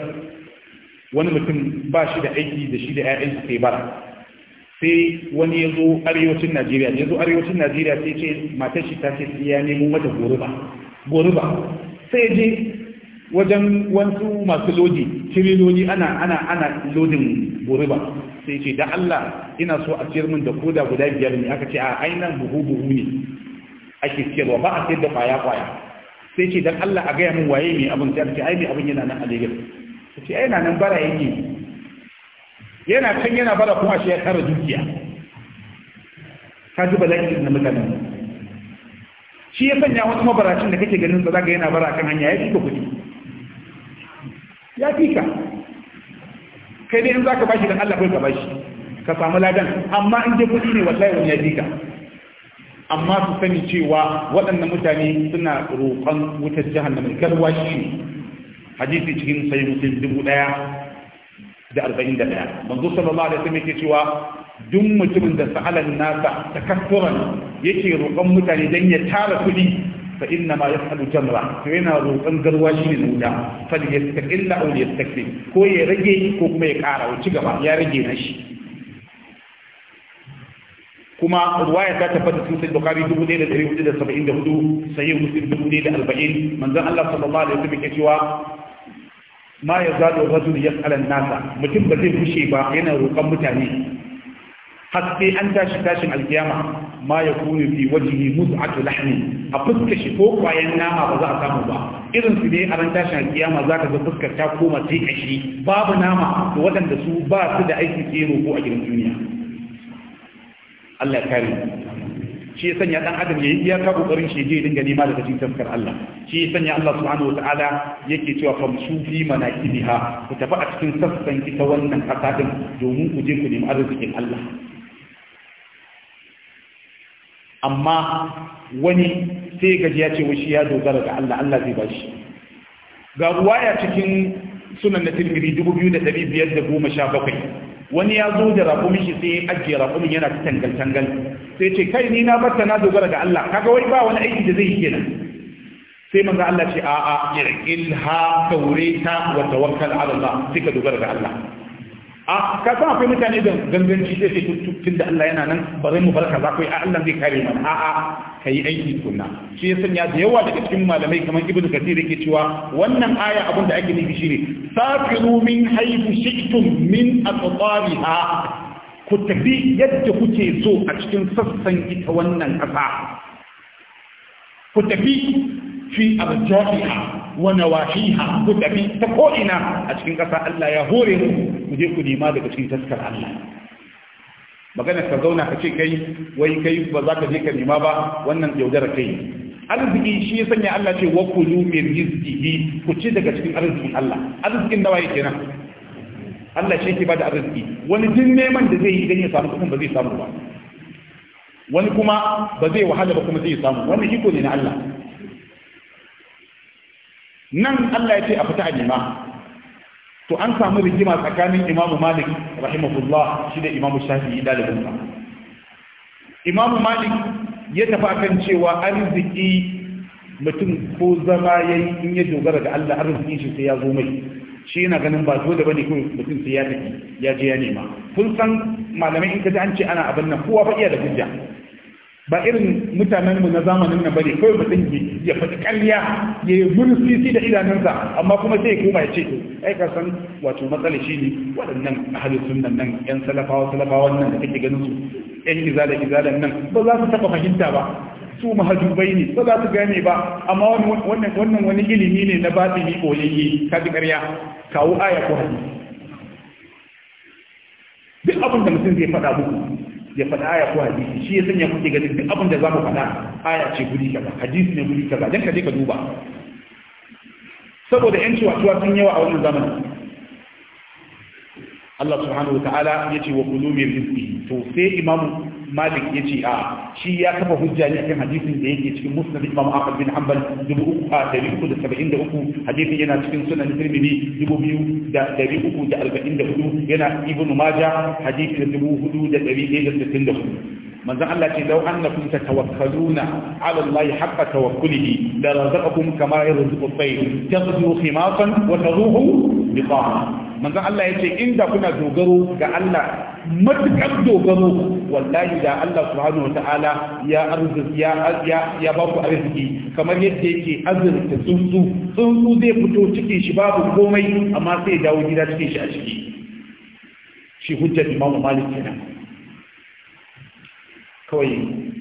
wani mutum ba shi da aiki da shi da 'ya'yansu kai bara sai wani ya zo arewacin najeriya ya zo arewacin najeriya sai ce matar shi ta ce ya nemo mata goruba goruba sai ya je wajen wasu masu lodi tiriloli ana ana ana lodin buriba sai ce da Allah ina so a ciyar min da koda guda biyar ne aka ce a ainihin buhu buhu ne ake ciyarwa ba a ciyar da kwaya kwaya sai ce dan Allah a gaya min waye ne abin sai ce ai ne abin yana nan a Lagos ce ai na nan bara yake yana kan yana bara kuma shi ya tara dukiya ka ji bala'i na mutanen shi ya sanya wasu mabaracin da kake ganin za ka yana bara kan hanya ya fi kuɗi ya fi ka kai dai in za ka bashi don Allah kai ka bashi ka samu ladan amma in je kuɗi ne wallahi wani ya fi ka amma su sani cewa waɗannan mutane suna roƙon wutar jihar jahannama garwa shi hadisi cikin sai mutum dubu ɗaya da arba'in da ɗaya manzo sallallahu alaihi wasallam yake cewa duk mutumin da sa'alan nasa takassuran yake roƙon mutane don ya tara kuɗi fa inna ma yas'alu jamra to yana roƙon garwa shi ne wuta fal yastaqilla aw yastakfi ko ya rage ko kuma ya ƙara ci gaba ya rage nashi. kuma ruwaya ta tabbata sun sai bukari 1474 sayyid muslim 1040 manzon Allah sallallahu alaihi wasallam ke cewa ma yazalu rajul yas'alan nasa mutum ba zai fushe ba yana roƙon mutane har sai an tashi tashin alkiyama ma ya kuni fi musu muz'atu lahmi a fuskar shi ko kwayan nama ba za a samu ba irin su ne a ran tashin kiyama za ka ga fuskar ta koma sai shi babu nama da waɗanda su ba su da aiki tsero ko a gidan duniya Allah kare shi ya sanya dan adam yayi iyaka kokarin shi je dinga nema daga cikin tafkar Allah shi ya sanya Allah subhanahu wataala yake cewa fam sufi manakibiha ku tafi a cikin sassan ita wannan kasa din domin ku je ku nemi arzikin Allah amma wani sai gaji ya ce wa shi ya dogara ga Allah Allah zai bashi ga ruwaya cikin sunan na tilmiri 2517 wani ya zo da rakumin shi sai ya ajiye rakumin yana ta tangal tangal sai ce kai ni na barta na dogara ga Allah kaga wai ba wani aiki da zai yi kenan sai manzo Allah ce a'a irqilha kaureta wa tawakkal ala Allah sai ka dogara ga Allah a ka san akwai mutane da ganganci sai sai tun da Allah yana nan ba zai mu barka za ku yi a Allah zai kare mu. a a ka yi aiki kunna shi ya sanya da yawa daga cikin malamai kamar ibn kathir yake cewa wannan aya abin da ake nufi shine safiru min haythu shi'tum min aqtariha ku tafi yadda kuke so a cikin sassan ita wannan kasa ku tafi fi arja'iha wa nawahiha ku tafi ta ko ina a cikin ƙasa Allah ya hore mu mu je ku nema daga cikin taskar Allah magana ka zauna ka ce kai wai kai ba za ka je ka nema ba wannan yaudara kai arziki shi ya sanya Allah ce wa kulu min rizqihi ku ci daga cikin arzikin Allah arzikin nawa yake nan Allah shi yake bada arziki wani din neman da zai yi idan ya samu kuɗin ba zai samu ba wani kuma ba zai wahala ba kuma zai samu wannan iko ne na Allah nan Allah ya ce a fita a nema to an samu rigima tsakanin Imam Malik rahimahullah shi da Imam Shafi'i dalibin sa Imam Malik ya tafi akan cewa arziki mutum ko zama in ya dogara ga Allah arziki shi sai ya zo mai shi yana ganin ba dole bane ko mutum sai ya tafi ya je ya nema kun san malamai in ka ji an ce ana abin nan kowa fa iya da hujja ba irin mutanen mu na zamanin nan bane kawai mutum ya faɗi ƙarya ya yi murfisi da idanunsa amma kuma sai ya koma ya ce ai ka san wato matsala shi ne waɗannan ahalin sunnan nan yan salafawa salafawan nan da kake ganin su yan izala izala nan ba za su taɓa fahimta ba su mahajubai ne ba za su gane ba amma wannan wannan wani ilimi ne na batini koyayye ka ji ƙarya kawo aya ko hadisi duk abin da mutum zai faɗa muku ya faɗa aya ko hadisi shi ya sanya kuke ganin duk abin da za mu faɗa aya ce guri kaza hadisi ne guri kaza dan ka je ka duba saboda yan wasuwa sun yawa a wannan zamanin Allah subhanahu wa ta'ala ya ce wa kulu min rizqi to sai imamu malik ya ce a shi ya kafa hujja ne akan hadisin da yake cikin musnad imam ahmad bin hanbal dubu uku a dari uku da saba'in da uku hadisin yana cikin sunan tirmidhi dubu biyu da dari uku da arba'in da hudu yana ibnu majah hadisi da dubu hudu da dari ɗaya da sittin da hudu manzon Allah ce An lau annakum tatawakkaluna ala Allah haqqa tawakkulihi la razaqakum kama yarzuqu at-tayr taqdu khimasan wa taruhu biqama manzon Allah ya ce inda kuna dogaro ga Allah matukar dogaro wallahi da Allah subhanahu ta'ala ya arziki ya ya ya ba ku arziki kamar yadda yake azurta tsuntsu tsuntsu zai fito cikin shi babu komai amma sai ya dawo gida cikin shi a ciki shi hujjar Imam Malik kenan kawai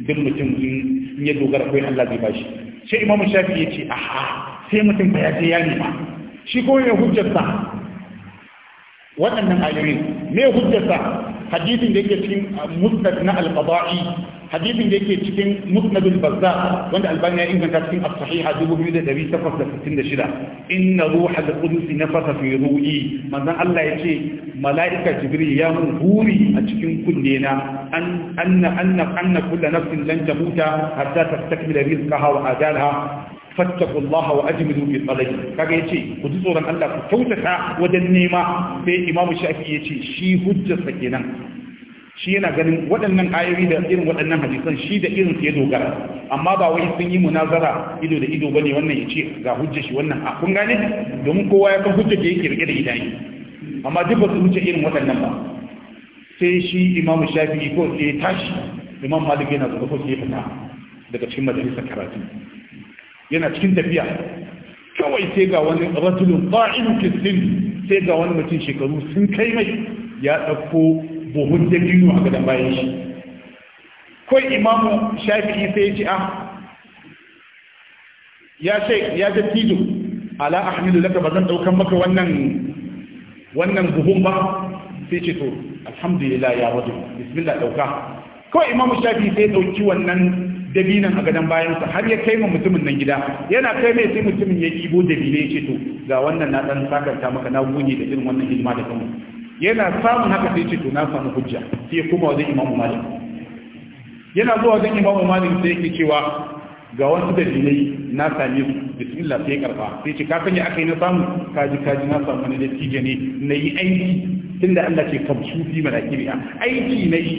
duk mutum in ya dogara kai Allah zai bashi sai Imam Shafi ya ce aha sai mutum ba ya je ya nema shi ko ya hujjar waɗannan ayoyin me hujjata hadisin da yake cikin uh, musnad na al-qada'i hadisin da yake cikin musnad al-bazzar wanda albani ya inganta cikin as-sahiha 2866 inna ruha al-qudus nafasa fi ruhi manzon Allah yace mala'ika jibril ya mun huri a cikin kunne na an anna anna anna kullu nafsin lan tamuta hatta tastakmila rizqaha wa ajalaha Allah wa ajmilu bi talabi kaga yace ku ji tsoron Allah ku kyautata wajen nema sai imamu shafi yace shi hujjarsa kenan shi yana ganin waɗannan ayoyi da irin waɗannan hadisan shi da irin ya dogara amma ba wai sun yi munazara ido da ido bane wannan yace ga hujjar shi wannan a ah, kun gane domin kowa ya kan hujjar da yake rike da idani amma duk ba su wuce irin waɗannan ba sai shi imamu Shafi ko sai tashi imam malik yana zuwa ko sai fita daga cikin majalisar karatu yana cikin tafiya kawai sai ga wani ratulun ba'in kisin sai ga wani mutum shekaru sun kai mai ya ɗauko buhun da biyu a gadon bayan shi kawai imamu shafi'i sai ya ce ah ya ce ya ce tijo ala ahmilu laka ba zan ɗaukan maka wannan wannan buhun ba sai ce to alhamdulillah ya wajen bismillah ɗauka kawai imamu shafi'i sai ya ɗauki wannan dabinan a gadon bayansa har ya kai ma mutumin nan gida yana kai mai sai mutumin ya ibo dabine ya ce to ga wannan na dan sakanta maka na goge da irin wannan hidima da kanmu yana samun haka sai ce to na samu hujja sai kuma wajen imamu malik yana zuwa wajen imamu malik sai yake cewa ga wasu dalilai na same su bismillah sai karfa sai ce ka sanya aka yi na samu kaji kaji na samu wani dattijo ne na yi aiki tunda Allah ce kamshu fi malakiriya aiki na yi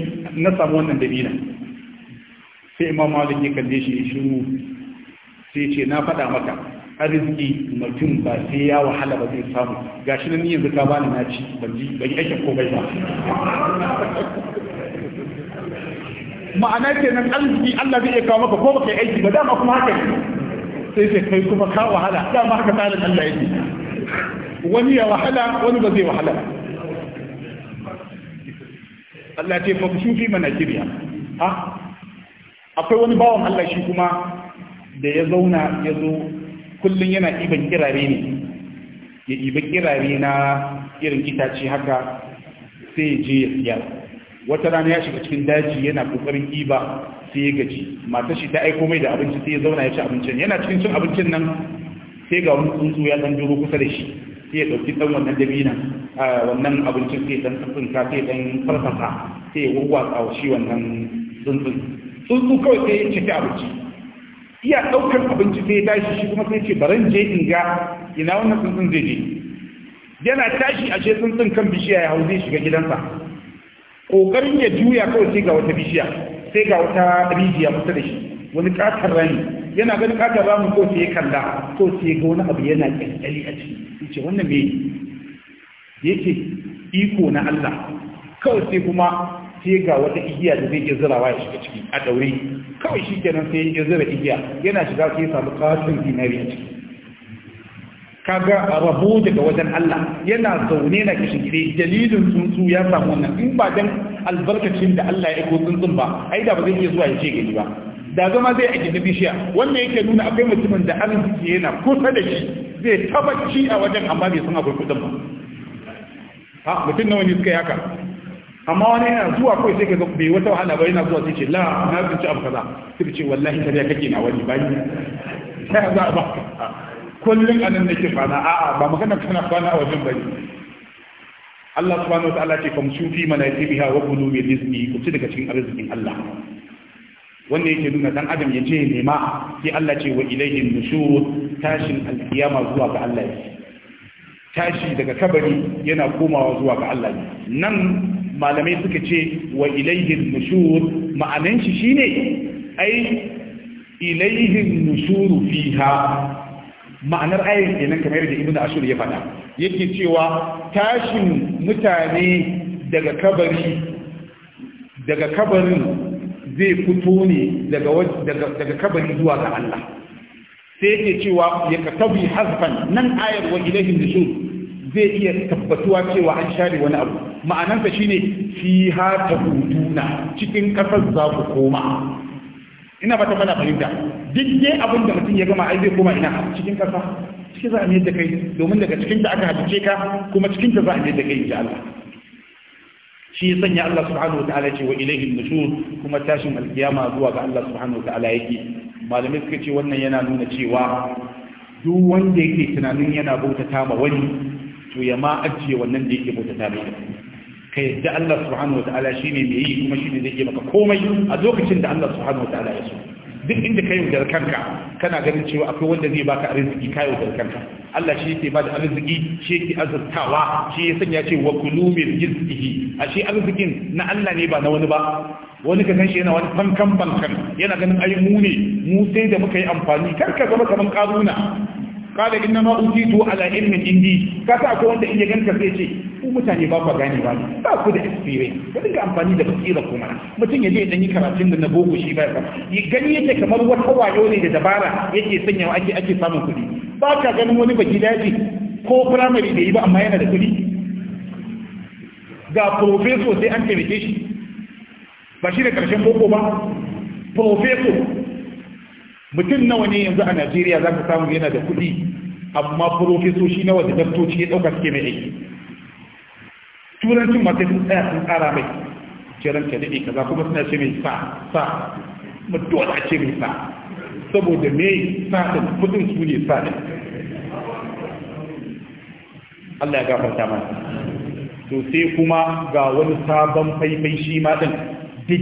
na samu wannan dalilin sai imam malik ya kalle shi shiru sai ce na faɗa maka arziki mutum ba sai ya wahala ba zai samu Ga shi nan ni yanzu ka bani na ci ban ji ban yi aikin komai ba <laughs> ma'ana ce kenan arziki Allah zai iya kawo maka ko baka yi aiki ba dama kuma haka sai ce kai kuma ka wahala dama haka tsarin Allah yake wani ya wahala wani ba zai wahala Allah ce fa ku shufi mana kirya ha akwai wani bawan Allah shi kuma da ya zauna ya zo kullum yana iban kirare ne ya iba kirare na irin itace haka sai je ya siya wata rana ya shiga cikin daji yana kokarin iba sai ya gaji Mata shi ta aiko mai da abinci sai ya zauna ya ci abincin yana cikin cin abincin nan sai ga wani tsuntsu ya dan duro kusa da shi sai ya dauki dan wannan dabina wannan abincin sai dan tsuntsun ka sai dan farfasa sai ya wurwatsa wa shi wannan tsuntsun tsuntsu kawai sai ya ci abinci iya ɗaukar abinci sai ya tashi shi kuma sai ce baran je in ga ina wannan tsuntsun zai je yana tashi a ce tsuntsun kan bishiya ya hau zai shiga gidansa ƙoƙarin ya juya kawai sai ga wata bishiya sai ga wata rijiya kusa da shi wani ƙatar rami yana ganin ƙatar ramin ko sai ya kalla ko sai ga wani abu yana ƙyanƙyali a ciki sai ce wannan me ce, iko na Allah kawai sai kuma sai ga wata igiya da zai iya zirawa ya shiga ciki a daure kawai shi kenan sai ya gizira igiya yana shiga sai ya samu katon dinari a ciki kaga rabo daga wajen Allah yana zaune na kishin dalilin tsuntsu ya samu wannan in ba dan albarkacin da Allah ya aiko tsuntsun ba ai da ba zai iya zuwa ya ce gani ba da zama zai a gidi bishiya wannan yake nuna akwai mutumin da arziki yana kusa da shi zai tabbaci a wajen amma bai san akwai kudin ba ha mutum nawa ne suka yaka amma wani yana zuwa kawai sai ka ga bai wata wahala ba yana zuwa sai ce la na zan ci abu kaza sai ce wallahi kariya kake na wani ni sai za a ba kullum anan nake kwana a'a ba magana kana kwana a wajen bane Allah subhanahu ta'ala ce kam su fi biha wa kulu min rizqi ku ci daga cikin arzikin Allah wanda yake nuna dan adam ya je nema sai Allah ce wa ilayhi nushur tashin alqiyama zuwa ga Allah tashi daga kabari yana komawa zuwa ga Allah nan malamai suka ce wa ilaihin nushur ma'anan shi shine ai ilaihin nushuru fiha ma'anar ayin kenan kamar da ibnu ashur ya faɗa yake cewa tashin mutane daga kabari daga kabarin zai fito ne daga kabari zuwa ga Allah sai yake cewa ya katabi hasban nan ayar wa ilaihin nushur zai iya tabbatuwa cewa an share wani abu ma'anansa shine fi ha ta huduna cikin kasar za ku koma ina ba ta mana fahimta duk dai abin da mutum ya gama ai zai koma ina cikin kasa cikin za a da kai domin daga cikin ta aka halice ka kuma cikin ta za a da kai insha Allah shi ya sanya Allah subhanahu wataala ce wa ilaihi nushur kuma tashin alkiyama zuwa ga Allah subhanahu wataala yake malamai suka ce wannan yana nuna cewa duk wanda yake tunanin yana bautata ma wani to ya ma ajiye wannan da yake bauta mai ka yadda Allah subhanahu wataala shine mai yi kuma shine zai yi maka komai a lokacin da Allah subhanahu wataala ya so duk inda ka yaudar kanka kana ganin cewa akwai wanda zai baka arziki ka yaudar kanka Allah shi yake bada arziki shi yake azurtawa shi ya sanya ce wa kulu min a ashe arzikin na Allah ne ba na wani ba wani ka san shi yana wani fankan bankan yana ganin ai mu ne mu sai da muka yi amfani kar ka zama kaman karuna kada inna ma utitu ala ilmin indi ka ko wanda in ya ganka sai ce ku mutane ba ku gane ba ba ku da experience ka dinga amfani da basira kuma mutum ya je dan yi karatun da na boko shi ba ya gani yake kamar wata wayo ne da dabara yake sanyawa ake ake samun kuɗi ba ka ganin wani baki daji ko primary da yi ba amma yana da kuɗi ga professor sai an taimake shi ba shi da karshen boko ba professor mutum nawa ne yanzu a najeriya za ka samu yana da kuɗi amma furofesoshi nawa da daftoci ya ɗauka suke mai aiki turancin masu sun tsaya sun tsara mai jiran ka daɗe za kuma suna ce mai sa sa mutuwa dole ce mai sa saboda me sa da kudin su ne sa ne Allah ya gafarta mana to sai kuma ga wani sabon faifai shi ma din a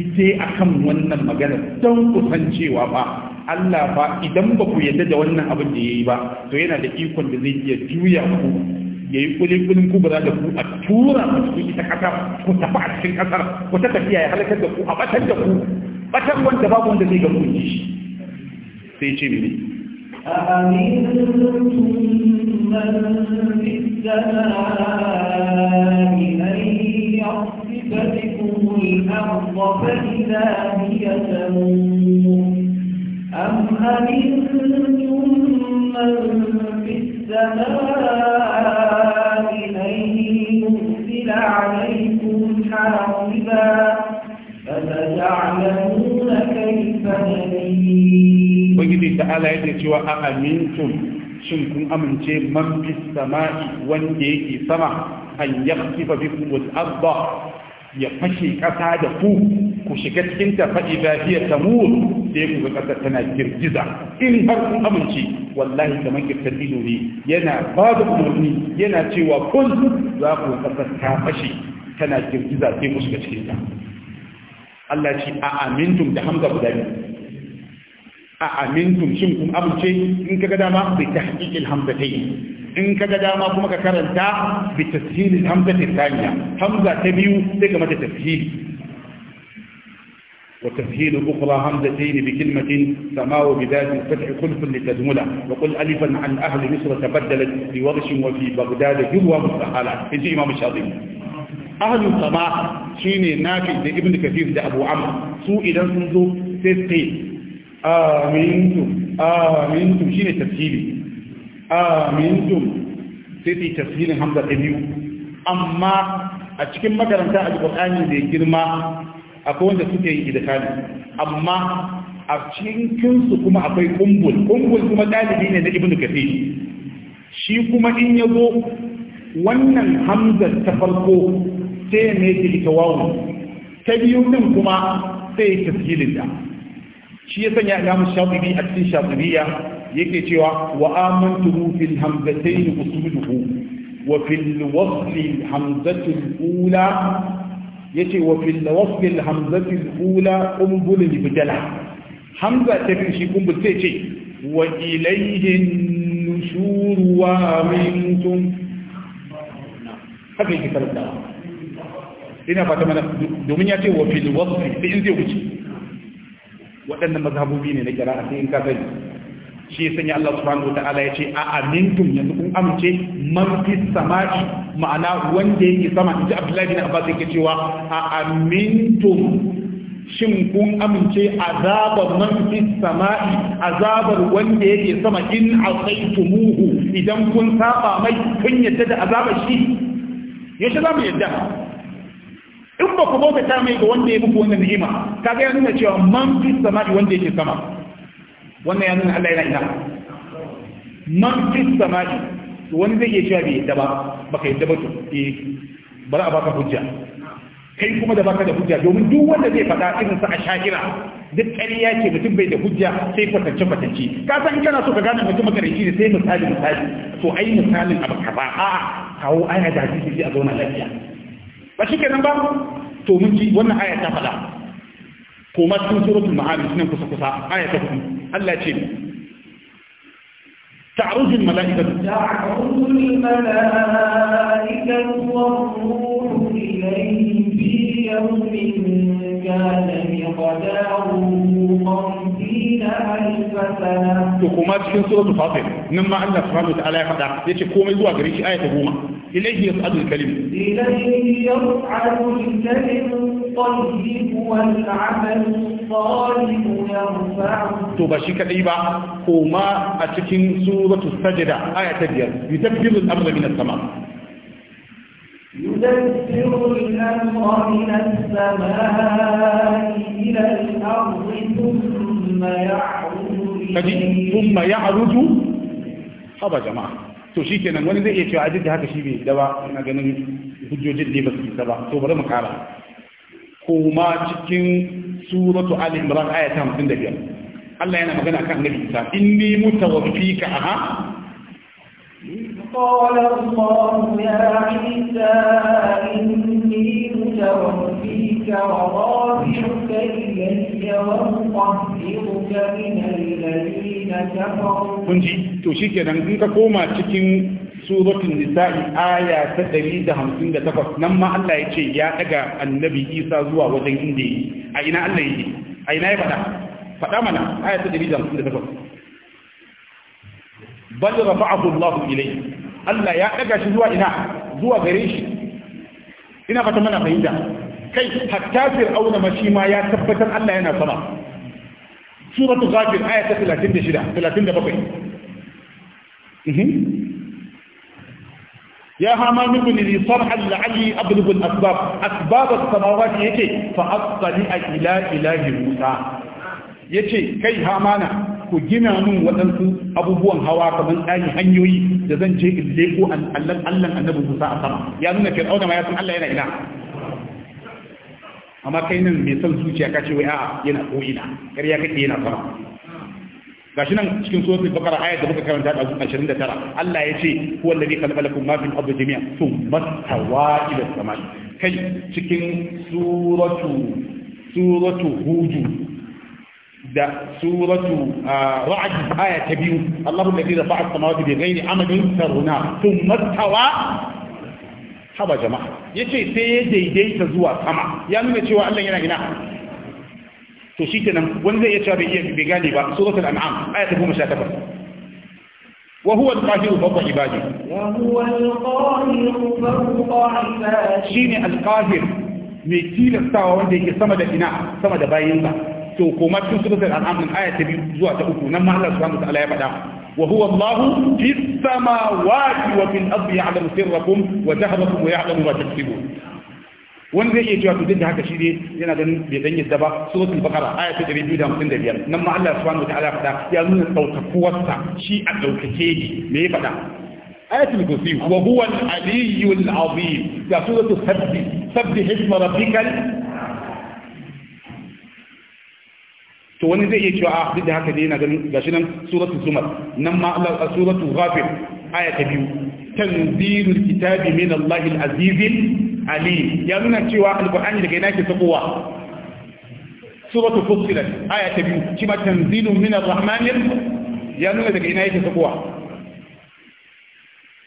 akan wannan magana don kusancewa ba Allah ba idan ba ku yadda da wannan abin da ya yi ba to yana da ikon da zai iya juya ku Ya yi kulikulin ku da ku a tura ku cikin ita kasa ku tafi a cikin kasar ku ta tafiya ya halakar da ku a batar da ku batar wanda babu wanda zai ga ku shi sai ce mene أأمنتم من في السماء أن الأرض فإذا أم أمنتم من في السماء أن يرسل عليكم فستعلمون كيف نذير ubangiji ta'ala yake cewa a amintum shin kun amince man fi sama'i wanda yake sama an yakhsifa bikum al-ardh ya fashe kasa da ku ku shiga cikin ta fa ibadiyya tamur sai ku ga kasa tana girgiza in har kun amince wallahi kamar kirtar ido ne yana babu umarni yana cewa kun za ku kasa ta fashe tana girgiza sai ku shiga cikin ta Allah ce a amintum da hamza guda biyu أأمنتم شِمْتُمْ أبو شيء إن كذا ما بتحقيق الهمزتين إن كذا ما كما كرنتا بتسهيل الهمزة الثانية همزة تبيو تكما التَّسْهِيلِ وتسهيل أخرى همزتين بكلمة سماء بذات الفتح خلف لتدملة وقل ألفا عن أهل مصر تبدلت في ورش وفي بغداد جروة مستحالة إنتي إمام الشاطئ أهل السماء شيني نافذ لابن كثير ده أبو عمرو سوء إذا سنزو تسقيل amintum amintum shine tafsiri amintum sai ta tafsirin hamza ta biyu amma a cikin makaranta alƙur'ani da girma akwai wanda suke yi idkali amma a cikin su kuma akwai kumbul kumbul kuma dalibi ne na ibnu kathir shi kuma in yazo wannan hamza ta farko sai ne ta ita wawu ta biyu din kuma sai tafsilin da shi ya sanya imam shafi'i a cikin shafi'iyya yake cewa wa amantu fil hamzatayn usuluhu wa fil wasl hamzatu ula yace wa fil wasl hamzatu ula qumbul bidala hamza ta fi shi qumbul sai ce wa ilayhi nushur wa amintum haka yake karanta ina fata mana domin ya ce wa fil wasl sai in zai wuce waɗannan mazhabobi ne na kira'a a in ka sani shi ya sanya Allah subhanahu wataala ya ce a amintum yanzu kun amince man fi sama'i ma'ana wanda yake sama inji Abdullahi bin Abbas yake cewa a amintum shin kun amince azabar man fi sama'i azabar wanda yake sama in asaitumuhu idan kun saba mai kun yadda da azabar shi yace za mu yadda in ba ku bauta mai ga wanda ya muku wannan ni'ima kaga ya nuna cewa man fi sama'i wanda yake sama wannan ya nuna Allah yana ina man fi sama'i wani zai iya cewa bai yadda ba baka yadda ba to eh bari a baka hujja kai kuma da baka da hujja domin duk wanda zai faɗa irin sa a shahira duk ƙarya ce mutum bai da hujja sai kwatance kwatance ka san kana so ka gane mutum makarici ne sai misali misali to ai misalin abu ba a'a kawo aya da hadisi sai a zauna lafiya ba shi kenan ba to mun ji wannan aya ta faɗa koma cikin suratul ma'arij nan kusa kusa aya ta hudu Allah ce تعرج الملائكة تعرج الملائكة والروح إليه في يوم كان مقداره to kuma cikin suratul fatir nan ma Allah subhanahu wa ta'ala ya faɗa yace komai zuwa gare shi aya ta goma ilayhi yas'adu al-kalim ilayhi yas'adu al-kalim tayyib wal 'amal salih yarfa'u to ba shi kadai ba kuma a cikin suratul sajda aya ta biyar yudabbiru al-amra min as-sama يدبر الأمر من السماء إلى الأرض ثم kaji ya ya'ruju haba jama'a to shikenan wani zai iya cewa a jirgin haka shi bai da ba ina ganin hujjojin ne ba su da ba to bari mu kara kuma cikin suratu ali imran aya ta 55 Allah yana magana kan nabi Isa inni mutawaffika aha قال الله يا عيسى إني متوفيك ورافعك إلي ومطهرك من الذين كفروا كنت تشيك أن كوما تكين aya ta nan ma Allah ya ce ya daga annabi Isa zuwa wajen inda yi a ina Allah yake a ina ya faɗa? Faɗa mana aya ta takwas. bal rafa'ahu Allah ilayhi Allah ya daga shi zuwa ina zuwa gare shi ina fata mana fahimta kai hatta fir'auna ma shi ma ya tabbatar Allah yana sama suratul ghafir aya ta 36 37 يا هامان ابن لي صرحا لعلي ابلغ الاسباب اسباب السماوات يكي فاطلع ila اله موسى يكي كي هامانا ku gina min waɗansu abubuwan hawa kamar tsari hanyoyi da zan je in leko allan allan annabi musa a sama ya nuna fir'auna ma ya san allah yana ina amma kai nan mai son zuciya ka ce wai a'a yana ko ina ƙarya kake yana sama gashi nan cikin suratul baqara ayat da muka karanta da tara Allah ya ce huwa alladhi khalaqa lakum ma fil ardi jami'an thumma tawa ila samai kai cikin suratu suratu hujud da suratu ra'd aya ta biyu Allahu alladhi rafa'a as-samawati bi ghairi amadin taruna thumma tawa haba jama'a yace sai ya daidaita zuwa sama ya nuna cewa Allah yana ina to shi shikenan wani zai iya cewa bai iya bai gane ba suratul an'am aya ta 18 وهو القاهر فوق عباده وهو القاهر فوق عباده شيني القاهر mai tilasta wa wanda yake sama da ina sama da bayinsa to koma cikin suratul an'am din aya ta biyu zuwa ta uku nan ma Allah subhanahu wataala ya faɗa wa huwa Allah fi samawati wa fil ardi ya'lamu sirrakum wa jahrakum wa ya'lamu ma taksibun wani zai iya cewa to duk da haka shi ne yana ganin bai dan yadda ba suratul bakara aya ta 255 nan ma Allah subhanahu wataala faɗa ya nuna ɗaukakuwarsa shi a ɗaukake ne me ya faɗa ayatul kursi wa huwa al-aliyyul azim ya suratul sabbi sabbi hisma rabbikal to wani zai iya cewa a ah, duk da haka ne na ganin gashi nan suratul zumar nan ma Allah suratul ghafir aya ta biyu tanzilul kitabi min Allahil azizil Ali ya nuna cewa alqur'ani daga yana ke sakowa suratul fussilat aya ta biyu shi ma tanzilun min arrahmanir ya nuna daga yana yake sakowa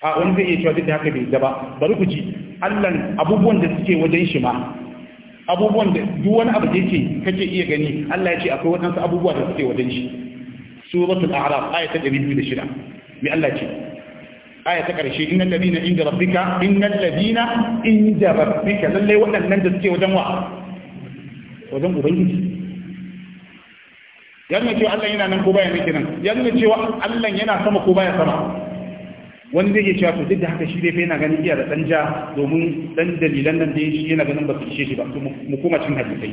a wani zai iya cewa duk da haka bai da ba bari ku ji Allah abubuwan da suke wajen shi ma abubuwan da duk wani abu da yake kake iya gani Allah ya ce akwai wadansu abubuwa da suke wajen shi suratul a'raf ayata 206 me Allah ce aya ta karshe innal ladina inda rabbika innal ladina inda rabbika lalle wadannan da suke wajen wa wajen ubangiji ya nuna cewa Allah yana nan ko baya nan kenan ya nuna cewa Allah yana sama ko baya sama wani zai cewa to duk da haka shi dai fa yana ganin iya da danja domin dan dalilan nan da shi yana ganin ba su ishe shi ba mu koma cin hadisai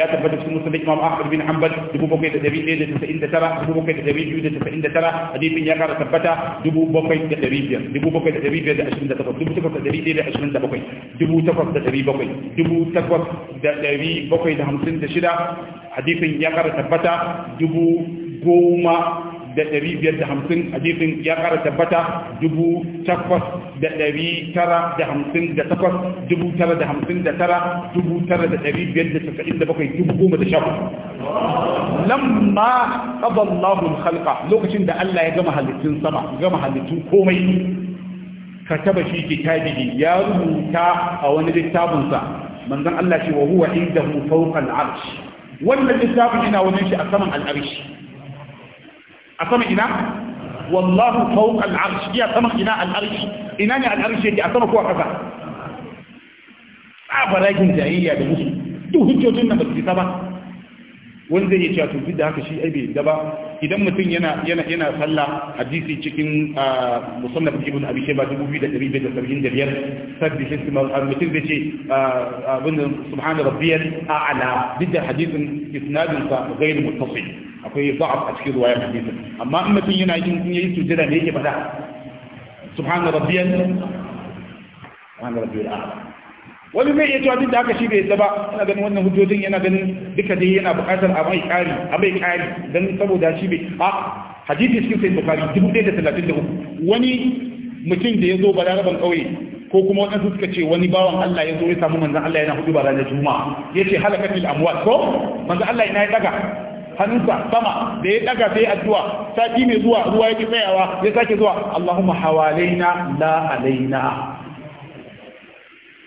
ya tabbata cikin musulun imam ahmad bin hanbal dubu bakwai da dari ɗaya da tasa'in da tara dubu bakwai da dari biyu da tasa'in da tara hadisin ya kara tabbata dubu bakwai da dari biyar dubu bakwai da dari biyar da ashirin da takwas dubu takwas da dari ɗaya da ashirin da bakwai dubu takwas da dari bakwai dubu takwas da dari bakwai da hamsin da shida hadisin ya kara tabbata dubu goma da ɗari biyar da hamsin a hadisin ya ƙara tabbata dubu takwas da ɗari tara da hamsin da takwas dubu tara da hamsin da tara dubu tara da ɗari biyar da tasa'in da bakwai dubu goma da sha lamma qada Allahu al lokacin da Allah ya gama halittun sama gama halittun komai kataba shi ke kitabihi ya rubuta a wani littafinsa manzon Allah shi wa huwa mu fawqa al-arsh wannan littafin ina wajen shi a saman al-arsh a sama ina wallahu fawqa al-arsh ya sama ina al-arsh ina ne al-arsh yake a sama ko a kasa a barakin jayayya da musu duk hujjojin nan ba su fita ba wani zai iya cewa tuntun duk da haka shi ai bai yadda ba idan mutum yana yana yana sallah hadisi cikin ah, musannaf ibn abi shayba 2575 sabbi hisma ah, mutum zai ce ah, abin subhana rabbiyal a'la duk da hadisin isnadin sa ghayr muttasil akwai ba'af a cikin ruwayar hadisin amma in mutum yana yin in yayi sujada ne yake fada subhana rabbiyal subhana rabbiyal a'la wani zai iya cewa duk da haka shi bai ba yana ganin wannan hujjojin yana ganin duka dai yana buƙatar a mai ƙari a mai ƙari dan saboda shi bai a hadisi cikin sai bukari 1033 wani mutum da ya zo balaraban ƙauye ko kuma waɗansu suka ce wani bawan Allah ya zo ya samu manzan Allah yana hudu ba ranar juma'a ya ce halakatul amwat ko manzan Allah ina ya daga hannunsa sama da ya daga sai addu'a sati mai zuwa ruwa yake tsayawa ya sake zuwa Allahumma hawalaina la alaina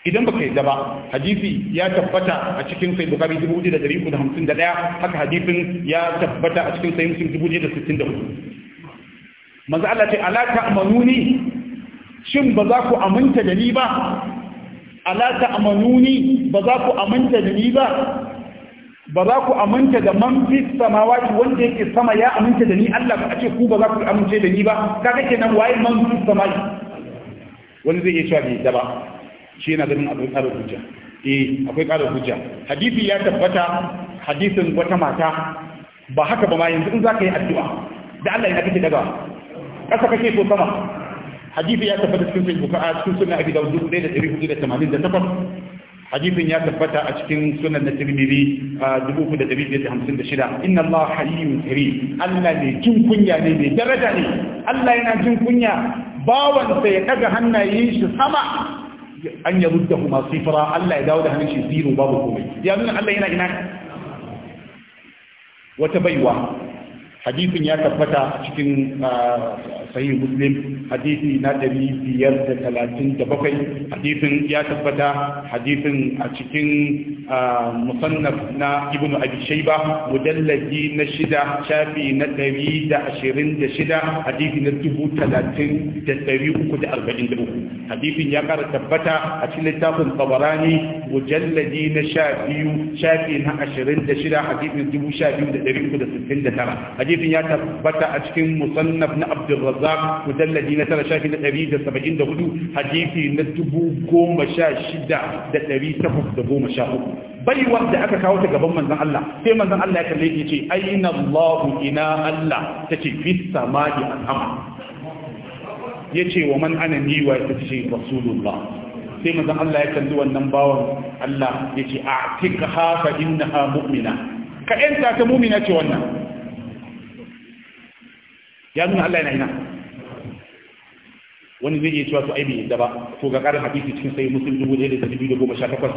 idan baka yadda ba hadisi ya tabbata a cikin sai bukari 1351 haka hadisin ya tabbata a cikin sai muslim 1064 manzo Allah ce ala ta'manuni shin ba za ku aminta da ni ba ala ta'manuni ba za ku aminta da ni ba ba za ku aminta da man fi samawati wanda yake sama ya aminta da ni Allah ba a ce ku ba za ku amince da ni ba kaga kenan waye man fi samai wani zai iya cewa bai da ba shi yana ganin abin ƙarar hujja eh akwai ƙarar hujja hadisi ya tabbata hadisin wata mata ba haka ba ma yanzu in za ka yi addu'a da Allah yana kake daga ƙasa kake so sama hadisi ya tabbata cikin sai buka'a sunan abi dawud 1488 hadisin ya tabbata a cikin sunan na tirmidhi a 3556 inna Allah hayyun karim Allah ne jin kunya ne mai daraja ne Allah yana jin kunya bawansa ya daga hannayen shi sama an ya rudda kuma sifira Allah ya dawo da hannun shi babu komai ya nuna Allah yana wata baiwa hadisin ya tabbata cikin sahih muslim hadisi na ɗari biyar da talatin da bakwai hadisin ya tabbata hadisin a cikin musannaf na ibn abi shaiba mudallaji na shida shafi na ɗari da ashirin da shida hadisi na dubu talatin da ɗari uku da arba'in da uku hadisin ya kara tabbata a cikin littafin tabarani mujalladi na sha biyu shafi na ashirin da shida hadifin dubu sha biyu da ɗari uku da sittin da tara hadifin ya tabbata a cikin musannaf na abdulrazak mujalladi na tara shafi na ɗari da saba'in da hudu hadisi na dubu goma sha shida da ɗari takwas da goma sha uku Baiwa da aka kawo ta gaban manzon Allah sai manzon Allah ya kalle ya ce aina Allahu ina Allah tace fi samai al-amma yace wa man ana ni wa tace rasulullah sai manzon Allah ya kalli wannan bawan Allah ya yace a'tika ha fa innaha mu'mina ka enta ta mu'mina ce wannan ya nuna Allah yana ina wani zai iya cewa to aibi bai yadda ba to ga karin hadisi cikin sai dubu da sha takwas.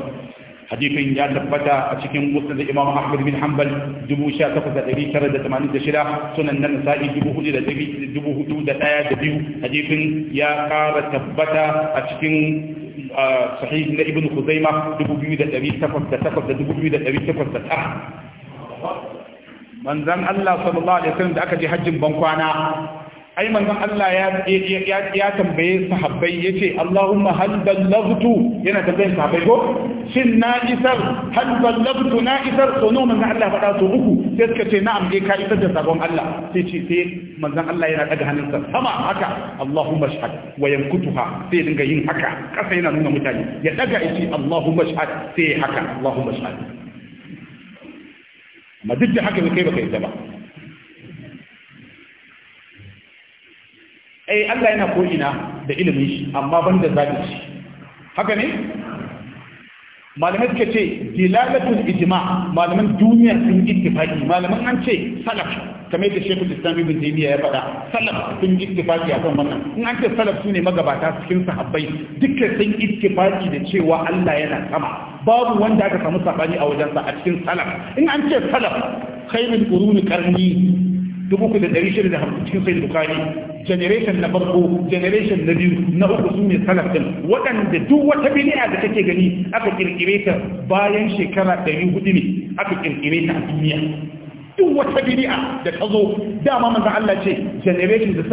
hadisin ya tabbata a cikin musnad imam ahmad bin hanbal shida, sunan nan sa'i dubu da ɗaya da biyu. hadisin ya ƙara tabbata a cikin sahih na ibn Khuzaima 2808 manzan Allah sallallahu alaihi da aka je hajjin bankwana ai manzon Allah ya ya tambaye sahabbai yace Allahumma hal ballaghtu yana tambayin sahabbai ko shin na isar hal ballaghtu na isar to no manzon Allah faɗa su uku sai suka ce na'am dai ka isar da sabon Allah sai ce sai manzon Allah yana daga hannunsa sama haka Allahumma shahad wa yankutuha sai dinga yin haka kasa yana nuna mutane ya daga yace Allahumma shahad sai haka Allahumma shahad ma duk da haka kai baka yi ba eh Allah yana ko ina da ilimin shi amma ban da zaɓin shi haka ne malamai suka ce dilalatul ijma malaman duniya sun ittifaki malaman an ce salaf kamar da shekul islam ibn taymiya ya faɗa salaf sun ittifaki kan wannan in an ce salaf ne magabata cikin sahabbai dukkan sun ittifaki da cewa Allah yana sama babu wanda aka samu sabani a wajensa a cikin salaf in an ce salaf khairul quruni qarni ɗari shida da hamsin cikin sai bukari generation na farko generation na biyu na uku sun ne salaf din waɗanda duk wata bid'a da kake gani aka ƙirƙire ta bayan shekara ɗari 400 ne aka ƙirƙire ta a duniya duk wata bid'a da ta zo dama manzo Allah ce generation da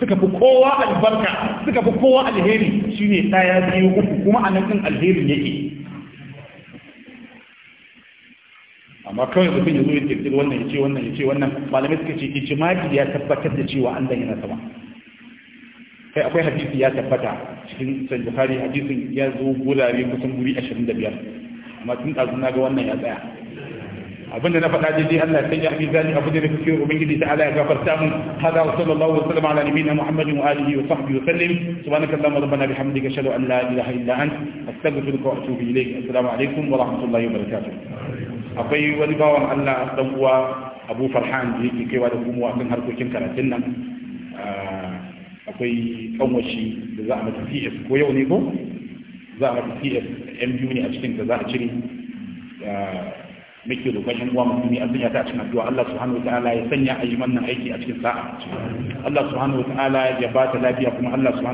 suka fi kowa albarka suka fi kowa alheri shine daya biyu uku kuma a nan din alherin yake amma kawai mutum ya zo ya kirkiri wannan ya ce wannan ya ce wannan malamai suka ce ijimaki ya tabbatar da cewa Allah yana sama kai akwai hadisi ya tabbata cikin san bukhari hadisin ya zo gurare kusan guri 25 amma tun ɗazu na ga wannan ya tsaya abinda na faɗa daidai Allah ya sanya abin zani abu da na kuke ubangiji ta ala ya gafarta mu hada wa sallallahu wa sallam ala nabiyina muhammadin wa alihi wa sahbihi wa sallim subhanaka allahumma rabbana bihamdika ashhadu an la ilaha illa ant astaghfiruka wa atubu ilayk assalamu alaikum wa rahmatullahi wa barakatuh akwai wani bawan Allah dan uwa Abu Farhan da yake kaiwa da kuma akan harkokin karatun nan ah, akwai kanwashi da za a mata PS ko yau ne ko za a mata PS MU ne a cikin da za a cire ah, muke roƙon yan uwa musulmi ya sanya ta a cikin addu'a Allah subhanahu wataala ya sanya a yi wannan aiki a cikin sa'a Allah subhanahu wataala ya ba ta lafiya kuma Allah subhanahu